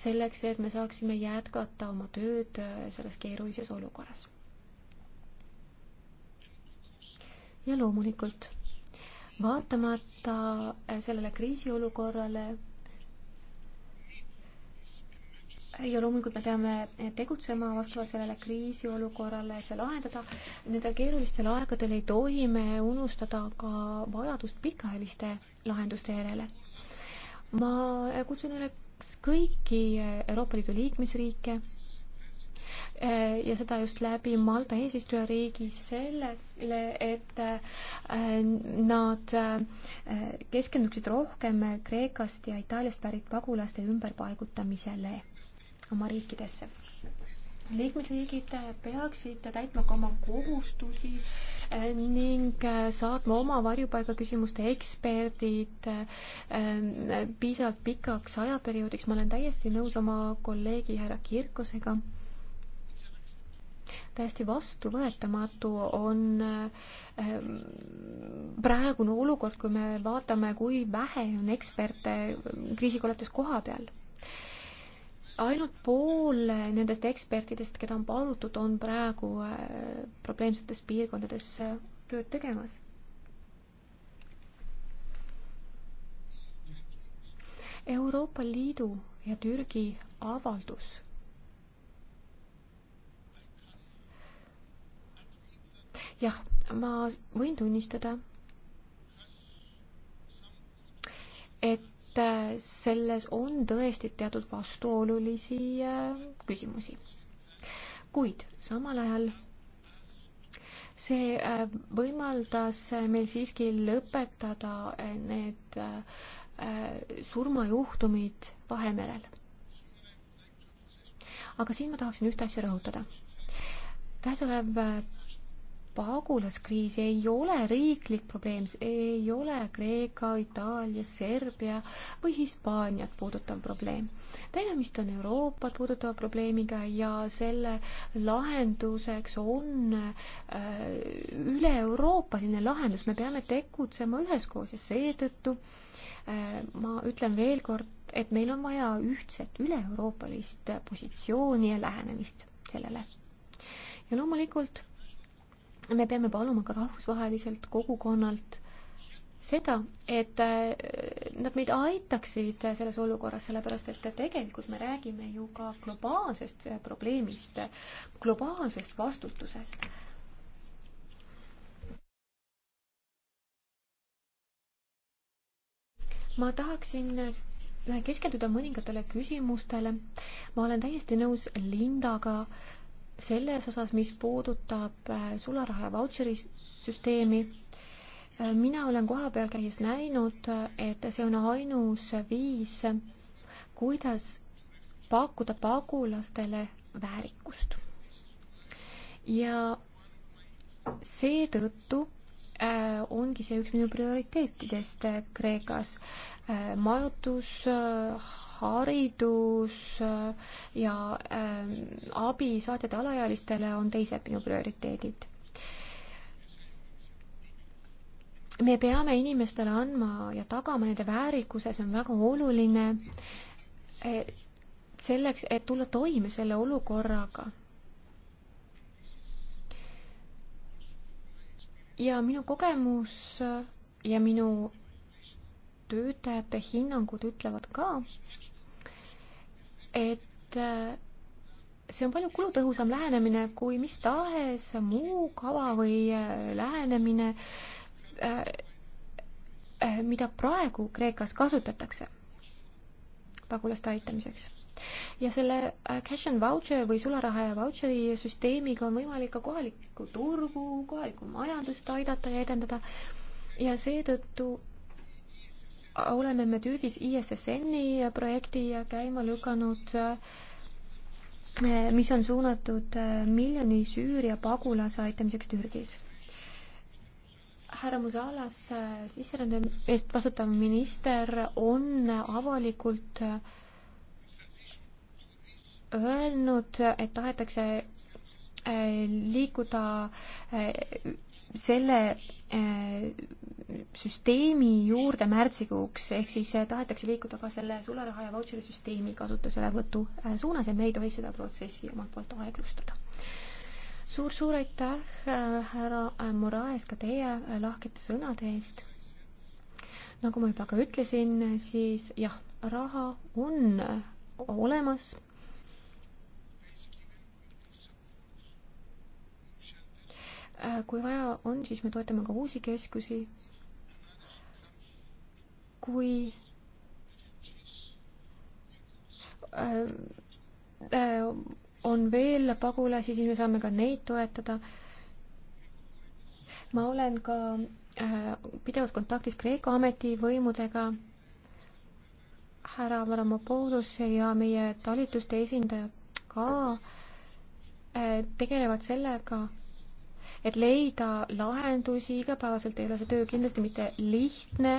selleks, et me saaksime jätkata oma tööd selles keerulises olukorras ja loomulikult vaatamata äh, sellele kriisiolukorrale ja loomulikult me peame äh, tegutsema vastavalt sellele kriisiolukorrale, et see lahendada. Nendel keerulistel aegadel ei tohi me unustada ka vajadust pikaajaliste lahenduste järele. ma kutsun üles kõiki äh, Euroopa Liidu liikmesriike Eh, ja seda just läbi Malta eesistujariigi sellele, et eh, nad eh, keskenduksid rohkem Kreekast ja Itaaliast pärit pagulaste ümberpaigutamisele oma riikidesse liikmesriigid peaksid täitma ka oma kohustusi ning saatma oma varjupaigaküsimuste eksperdid piisavalt pikaks ajaperioodiks. ma olen täiesti nõus oma kolleegi härra Kirkusega täiesti vastuvõetamatu on ähm, praegune olukord, kui me vaatame, kui vähe on eksperte ähm, kriisikolletes koha peal. ainult pool nendest ekspertidest, keda on palutud, on praegu äh, probleemsetes piirkondades äh, tööd tegemas Euroopa Liidu ja Türgi avaldus jah, ma võin tunnistada, et äh, selles on tõesti teatud vastuolulisi äh, küsimusi. kuid samal ajal see äh, võimaldas meil siiski lõpetada need surmajuhtumid Vahemerel. aga siin ma tahaksin ühte asja rõhutada. käesolev pagulaskriis ei ole riiklik probleem, see ei ole Kreeka, Itaalia, Serbia või Hispaaniat puudutav probleem. tegemist on Euroopat puudutava probleemiga ja selle lahenduseks on äh, üle-euroopaline lahendus, me peame tegutsema üheskoos ja seetõttu äh, ma ütlen veel kord, et meil on vaja ühtset üle-euroopalist positsiooni ja lähenemist sellele. ja loomulikult me peame paluma ka rahvusvaheliselt kogukonnalt seda, et äh, nad meid aitaksid selles olukorras, sellepärast et tegelikult me räägime ju ka globaalsest äh, probleemist, globaalsest vastutusest. ma tahaksin äh, keskenduda mõningatele küsimustele. ma olen täiesti nõus Lindaga äh, selles osas, mis puudutab äh, sularaha vautšeri süsteemi. Äh, mina olen kohapeal käies näinud, äh, et see on ainus viis, kuidas pakkuda pagulastele väärikust. ja seetõttu ongi see üks minu prioriteetidest Kreekas majutus, haridus äh, ja ähm, abi saatjate alaealistele on teised minu prioriteedid. me peame inimestele andma ja tagama nende väärikuse, see on väga oluline, e, selleks, et tulla toime selle olukorraga ja minu kogemus ja minu töötajate hinnangud ütlevad ka, et äh, see on palju kulutõhusam lähenemine kui mis tahes muu kava või äh, lähenemine, äh, mida praegu Kreekas kasutatakse pagulaste aitamiseks. ja selle cash and voucher või sularaha ja vautšeri süsteemiga on võimalik ka kohalikku turgu, kohalikku majandust aidata ja edendada ja seetõttu oleme me Türgis ISSN-i projekti käima lükanud, mis on suunatud äh, miljoni Süüria pagulase aitamiseks Türgis härra Musalas, äh, sisserände eest vastutav minister on avalikult äh, öelnud, et tahetakse liikuda selle äh, süsteemi juurde märtsikuuks, ehk siis äh, tahetakse liikuda ka selle sularaha ja vautšeri süsteemi kasutuselevõtu äh, suunas ja me ei tohiks seda protsessi omalt poolt aeglustada suur-suur aitäh, härra Moraes, ka teie lahkete sõnade eest. nagu ma juba ka ütlesin, siis jah, raha on olemas Äh, kui vaja on, siis me toetame ka uusi keskusi. kui äh, äh, on veel pagulasi, siis me saame ka neid toetada. ma olen ka pidevas kontaktis Kreeka ametivõimudega, härra Varamopoulos ja meie talituste esindajad ka tegelevad sellega, et leida lahendusi, igapäevaselt ei ole see töö kindlasti mitte lihtne,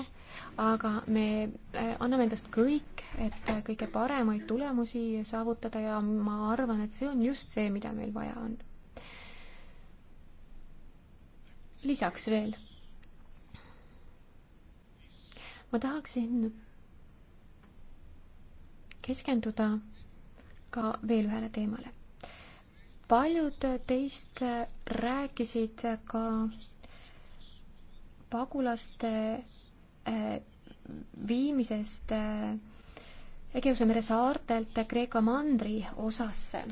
aga me äh, anname endast kõik, et äh, kõige paremaid tulemusi saavutada ja ma arvan, et see on just see, mida meil vaja on. lisaks veel. ma tahaksin keskenduda ka veel ühele teemale paljud teist rääkisid ka pagulaste eh, viimisest eh, Egeuse mere saartelt Kreeka mandri osasse.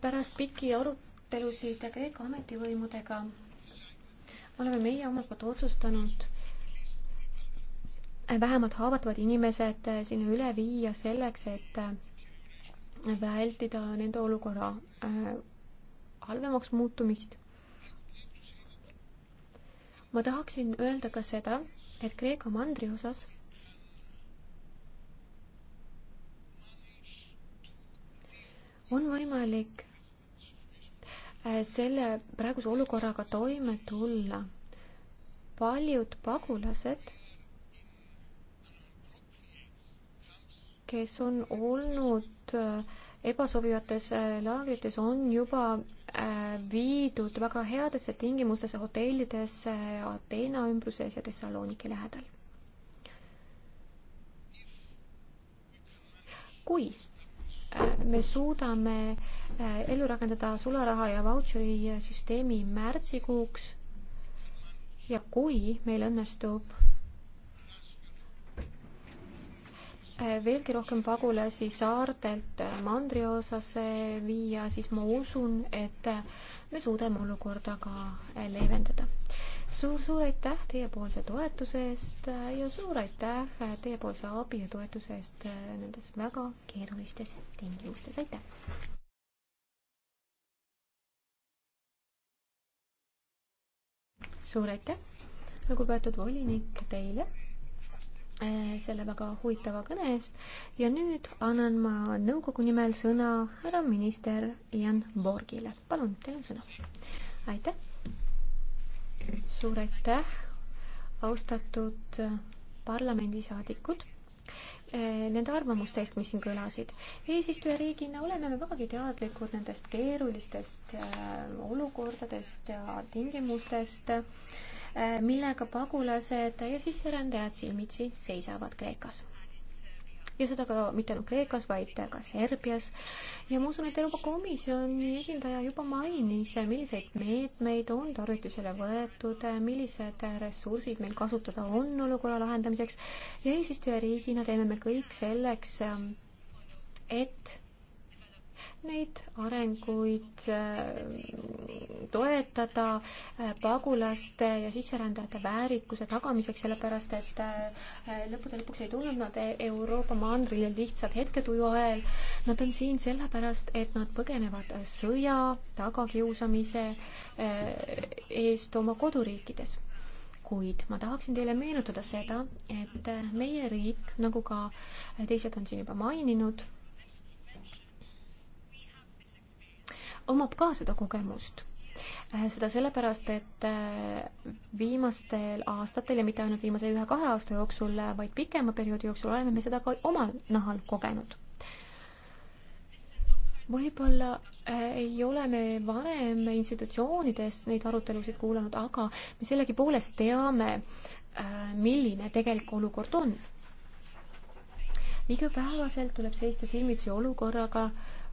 pärast pikki arutelusid Kreeka ametivõimudega oleme meie omalt poolt otsustanud eh, vähemalt haavatavad inimesed sinna üle viia selleks, et vältida nende olukorra äh, halvemaks muutumist. ma tahaksin öelda ka seda, et Kreeka mandri osas on võimalik äh, selle praeguse olukorraga toime tulla. paljud pagulased kes on olnud äh, ebasobivates äh, laagrites, on juba äh, viidud väga headesse tingimustesse hotellidesse Ateena ümbruses ja Thessaloniki lähedal. kui me suudame ellu rakendada sularaha ja vautšeri süsteemi märtsikuuks ja kui meil õnnestub Eh, veelgi rohkem pagulasi saartelt mandriosasse viia, siis ma usun, et eh, me suudame olukorda ka eh, leevendada suur,. suur-suur aitäh teiepoolse toetuse eest ja suur aitäh teiepoolse abi ja toetuse eest nendes väga keerulistes tingimustes, aitäh! suur aitäh, lugupeetud volinik, teile Äh, selle väga huvitava kõne eest ja nüüd annan ma nõukogu nimel sõna härra minister Ian Borgile. palun, teil on sõna. aitäh. suur aitäh, austatud parlamendisaadikud äh, nende arvamuste eest, mis siin kõlasid. eesistujariigina oleme me vägagi teadlikud nendest keerulistest äh, olukordadest ja tingimustest äh,, Eh, millega pagulased ja sisserändajad silmitsi seisavad Kreekas ja seda ka mitte ainult Kreekas, vaid ka Serbias. ja ma usun, et Euroopa Komisjoni esindaja juba mainis, milliseid meetmeid on tarvitusele võetud, millised ressursid meil kasutada on olukorra lahendamiseks ja eesistujariigina teeme me kõik selleks, et neid arenguid äh, toetada äh, pagulaste ja sisserändajate väärikuse tagamiseks, sellepärast et äh, lõppude lõpuks ei tulnud nad Euroopa mandrile lihtsalt hetketuju ajel. Nad on siin sellepärast, et nad põgenevad sõja, tagakiusamise eest oma koduriikides kuid ma tahaksin teile meenutada seda, et meie riik, nagu ka teised on siin juba maininud, omab ka seda kogemust äh, seda sellepärast, et äh, viimastel aastatel ja mitte ainult viimase ühe-kahe aasta jooksul, äh, vaid pikema perioodi jooksul oleme me seda ka omal nahal kogenud. võib-olla ei ole me varem institutsioonides neid arutelusid kuulanud, aga me sellegipoolest teame, milline tegelik olukord on. igapäevaselt tuleb seista silmitsi olukorraga,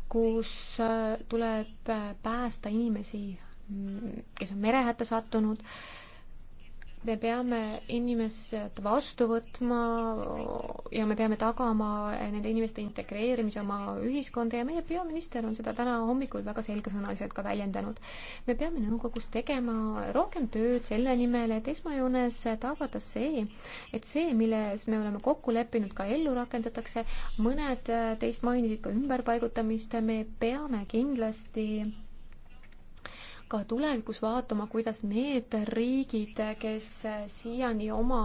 kus äh, tuleb äh, päästa inimesi, mm, kes on merehätta sattunud me peame inimesed vastu võtma ja me peame tagama nende inimeste integreerimise oma ühiskonda ja meie peaminister on seda täna hommikul väga selgesõnaliselt ka väljendanud. me peame nõukogus tegema rohkem tööd selle nimel, et esmajoones tagada see, et see, milles me oleme kokku leppinud, ka ellu rakendatakse. mõned teist mainisid ka ümberpaigutamist, me peame kindlasti ka tulevikus vaatama, kuidas need riigid, kes siiani oma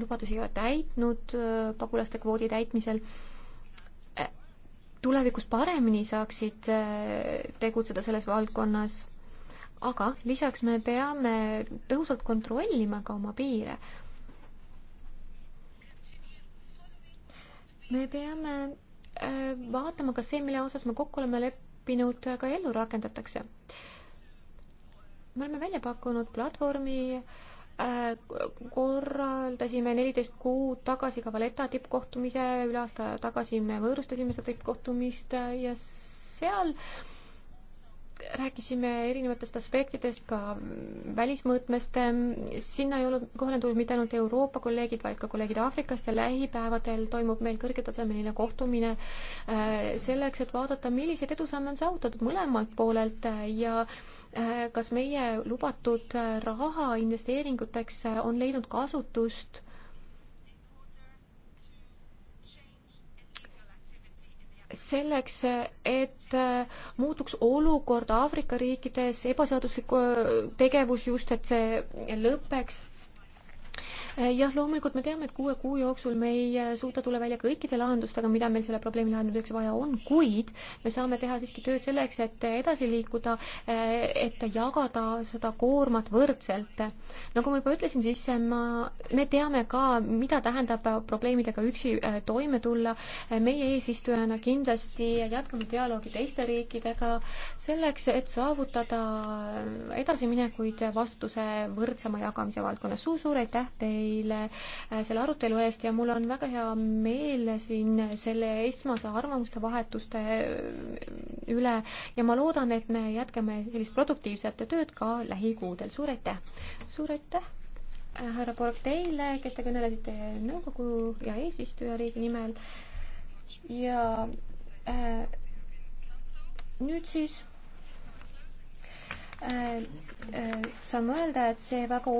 lubadusi ei ole täitnud äh, pagulaste kvoodi täitmisel, äh, tulevikus paremini saaksid äh, tegutseda selles valdkonnas. aga lisaks me peame tõhusalt kontrollima ka oma piire. me peame vaatama, kas see, mille osas me kokku oleme leppinud, ka ellu rakendatakse me oleme välja pakkunud platvormi äh,, korraldasime neliteist kuud tagasi ka Valeta tippkohtumise, üle aasta tagasi me võõrustasime seda tippkohtumist äh, ja seal rääkisime erinevatest aspektidest, ka välismõõtmest, sinna ei ole kohale tulnud mitte ainult Euroopa kolleegid, vaid ka kolleegid Aafrikast ja lähipäevadel toimub meil kõrgetasemeline kohtumine äh, selleks, et vaadata, milliseid edusamme on saavutatud mõlemalt poolelt äh, ja äh, Äh, kas meie lubatud äh, raha investeeringuteks äh, on leidnud kasutust selleks, et muutuks olukord Aafrika riikides, ebaseaduslik tegevus just, et see lõpeks Eh, jah, loomulikult me teame, et kuue kuu jooksul me ei eh, suuda tulla välja kõikide lahendustega, mida meil selle probleemi lahendamiseks vaja on, kuid me saame teha siiski tööd selleks, et edasi liikuda, eh, et jagada seda koormat võrdselt. nagu ma juba ütlesin, siis ma, me teame ka, mida tähendab probleemidega üksi toime tulla. meie eesistujana kindlasti jätkame dialoogi teiste riikidega selleks, et saavutada edasiminekuid vastutuse võrdsema jagamise valdkonnas. suur-suur aitäh teile! teile äh, selle arutelu eest ja mul on väga hea meel siin selle esmase arvamuste vahetuste äh, üle ja ma loodan, et me jätkame sellist produktiivset tööd ka lähikuudel. suur aitäh! suur aitäh, äh, härra Borg, teile, kes te kõnelesite nõukogu ja eesistujariigi nimel ja äh, nüüd siis äh, äh, saame öelda, et see väga oluline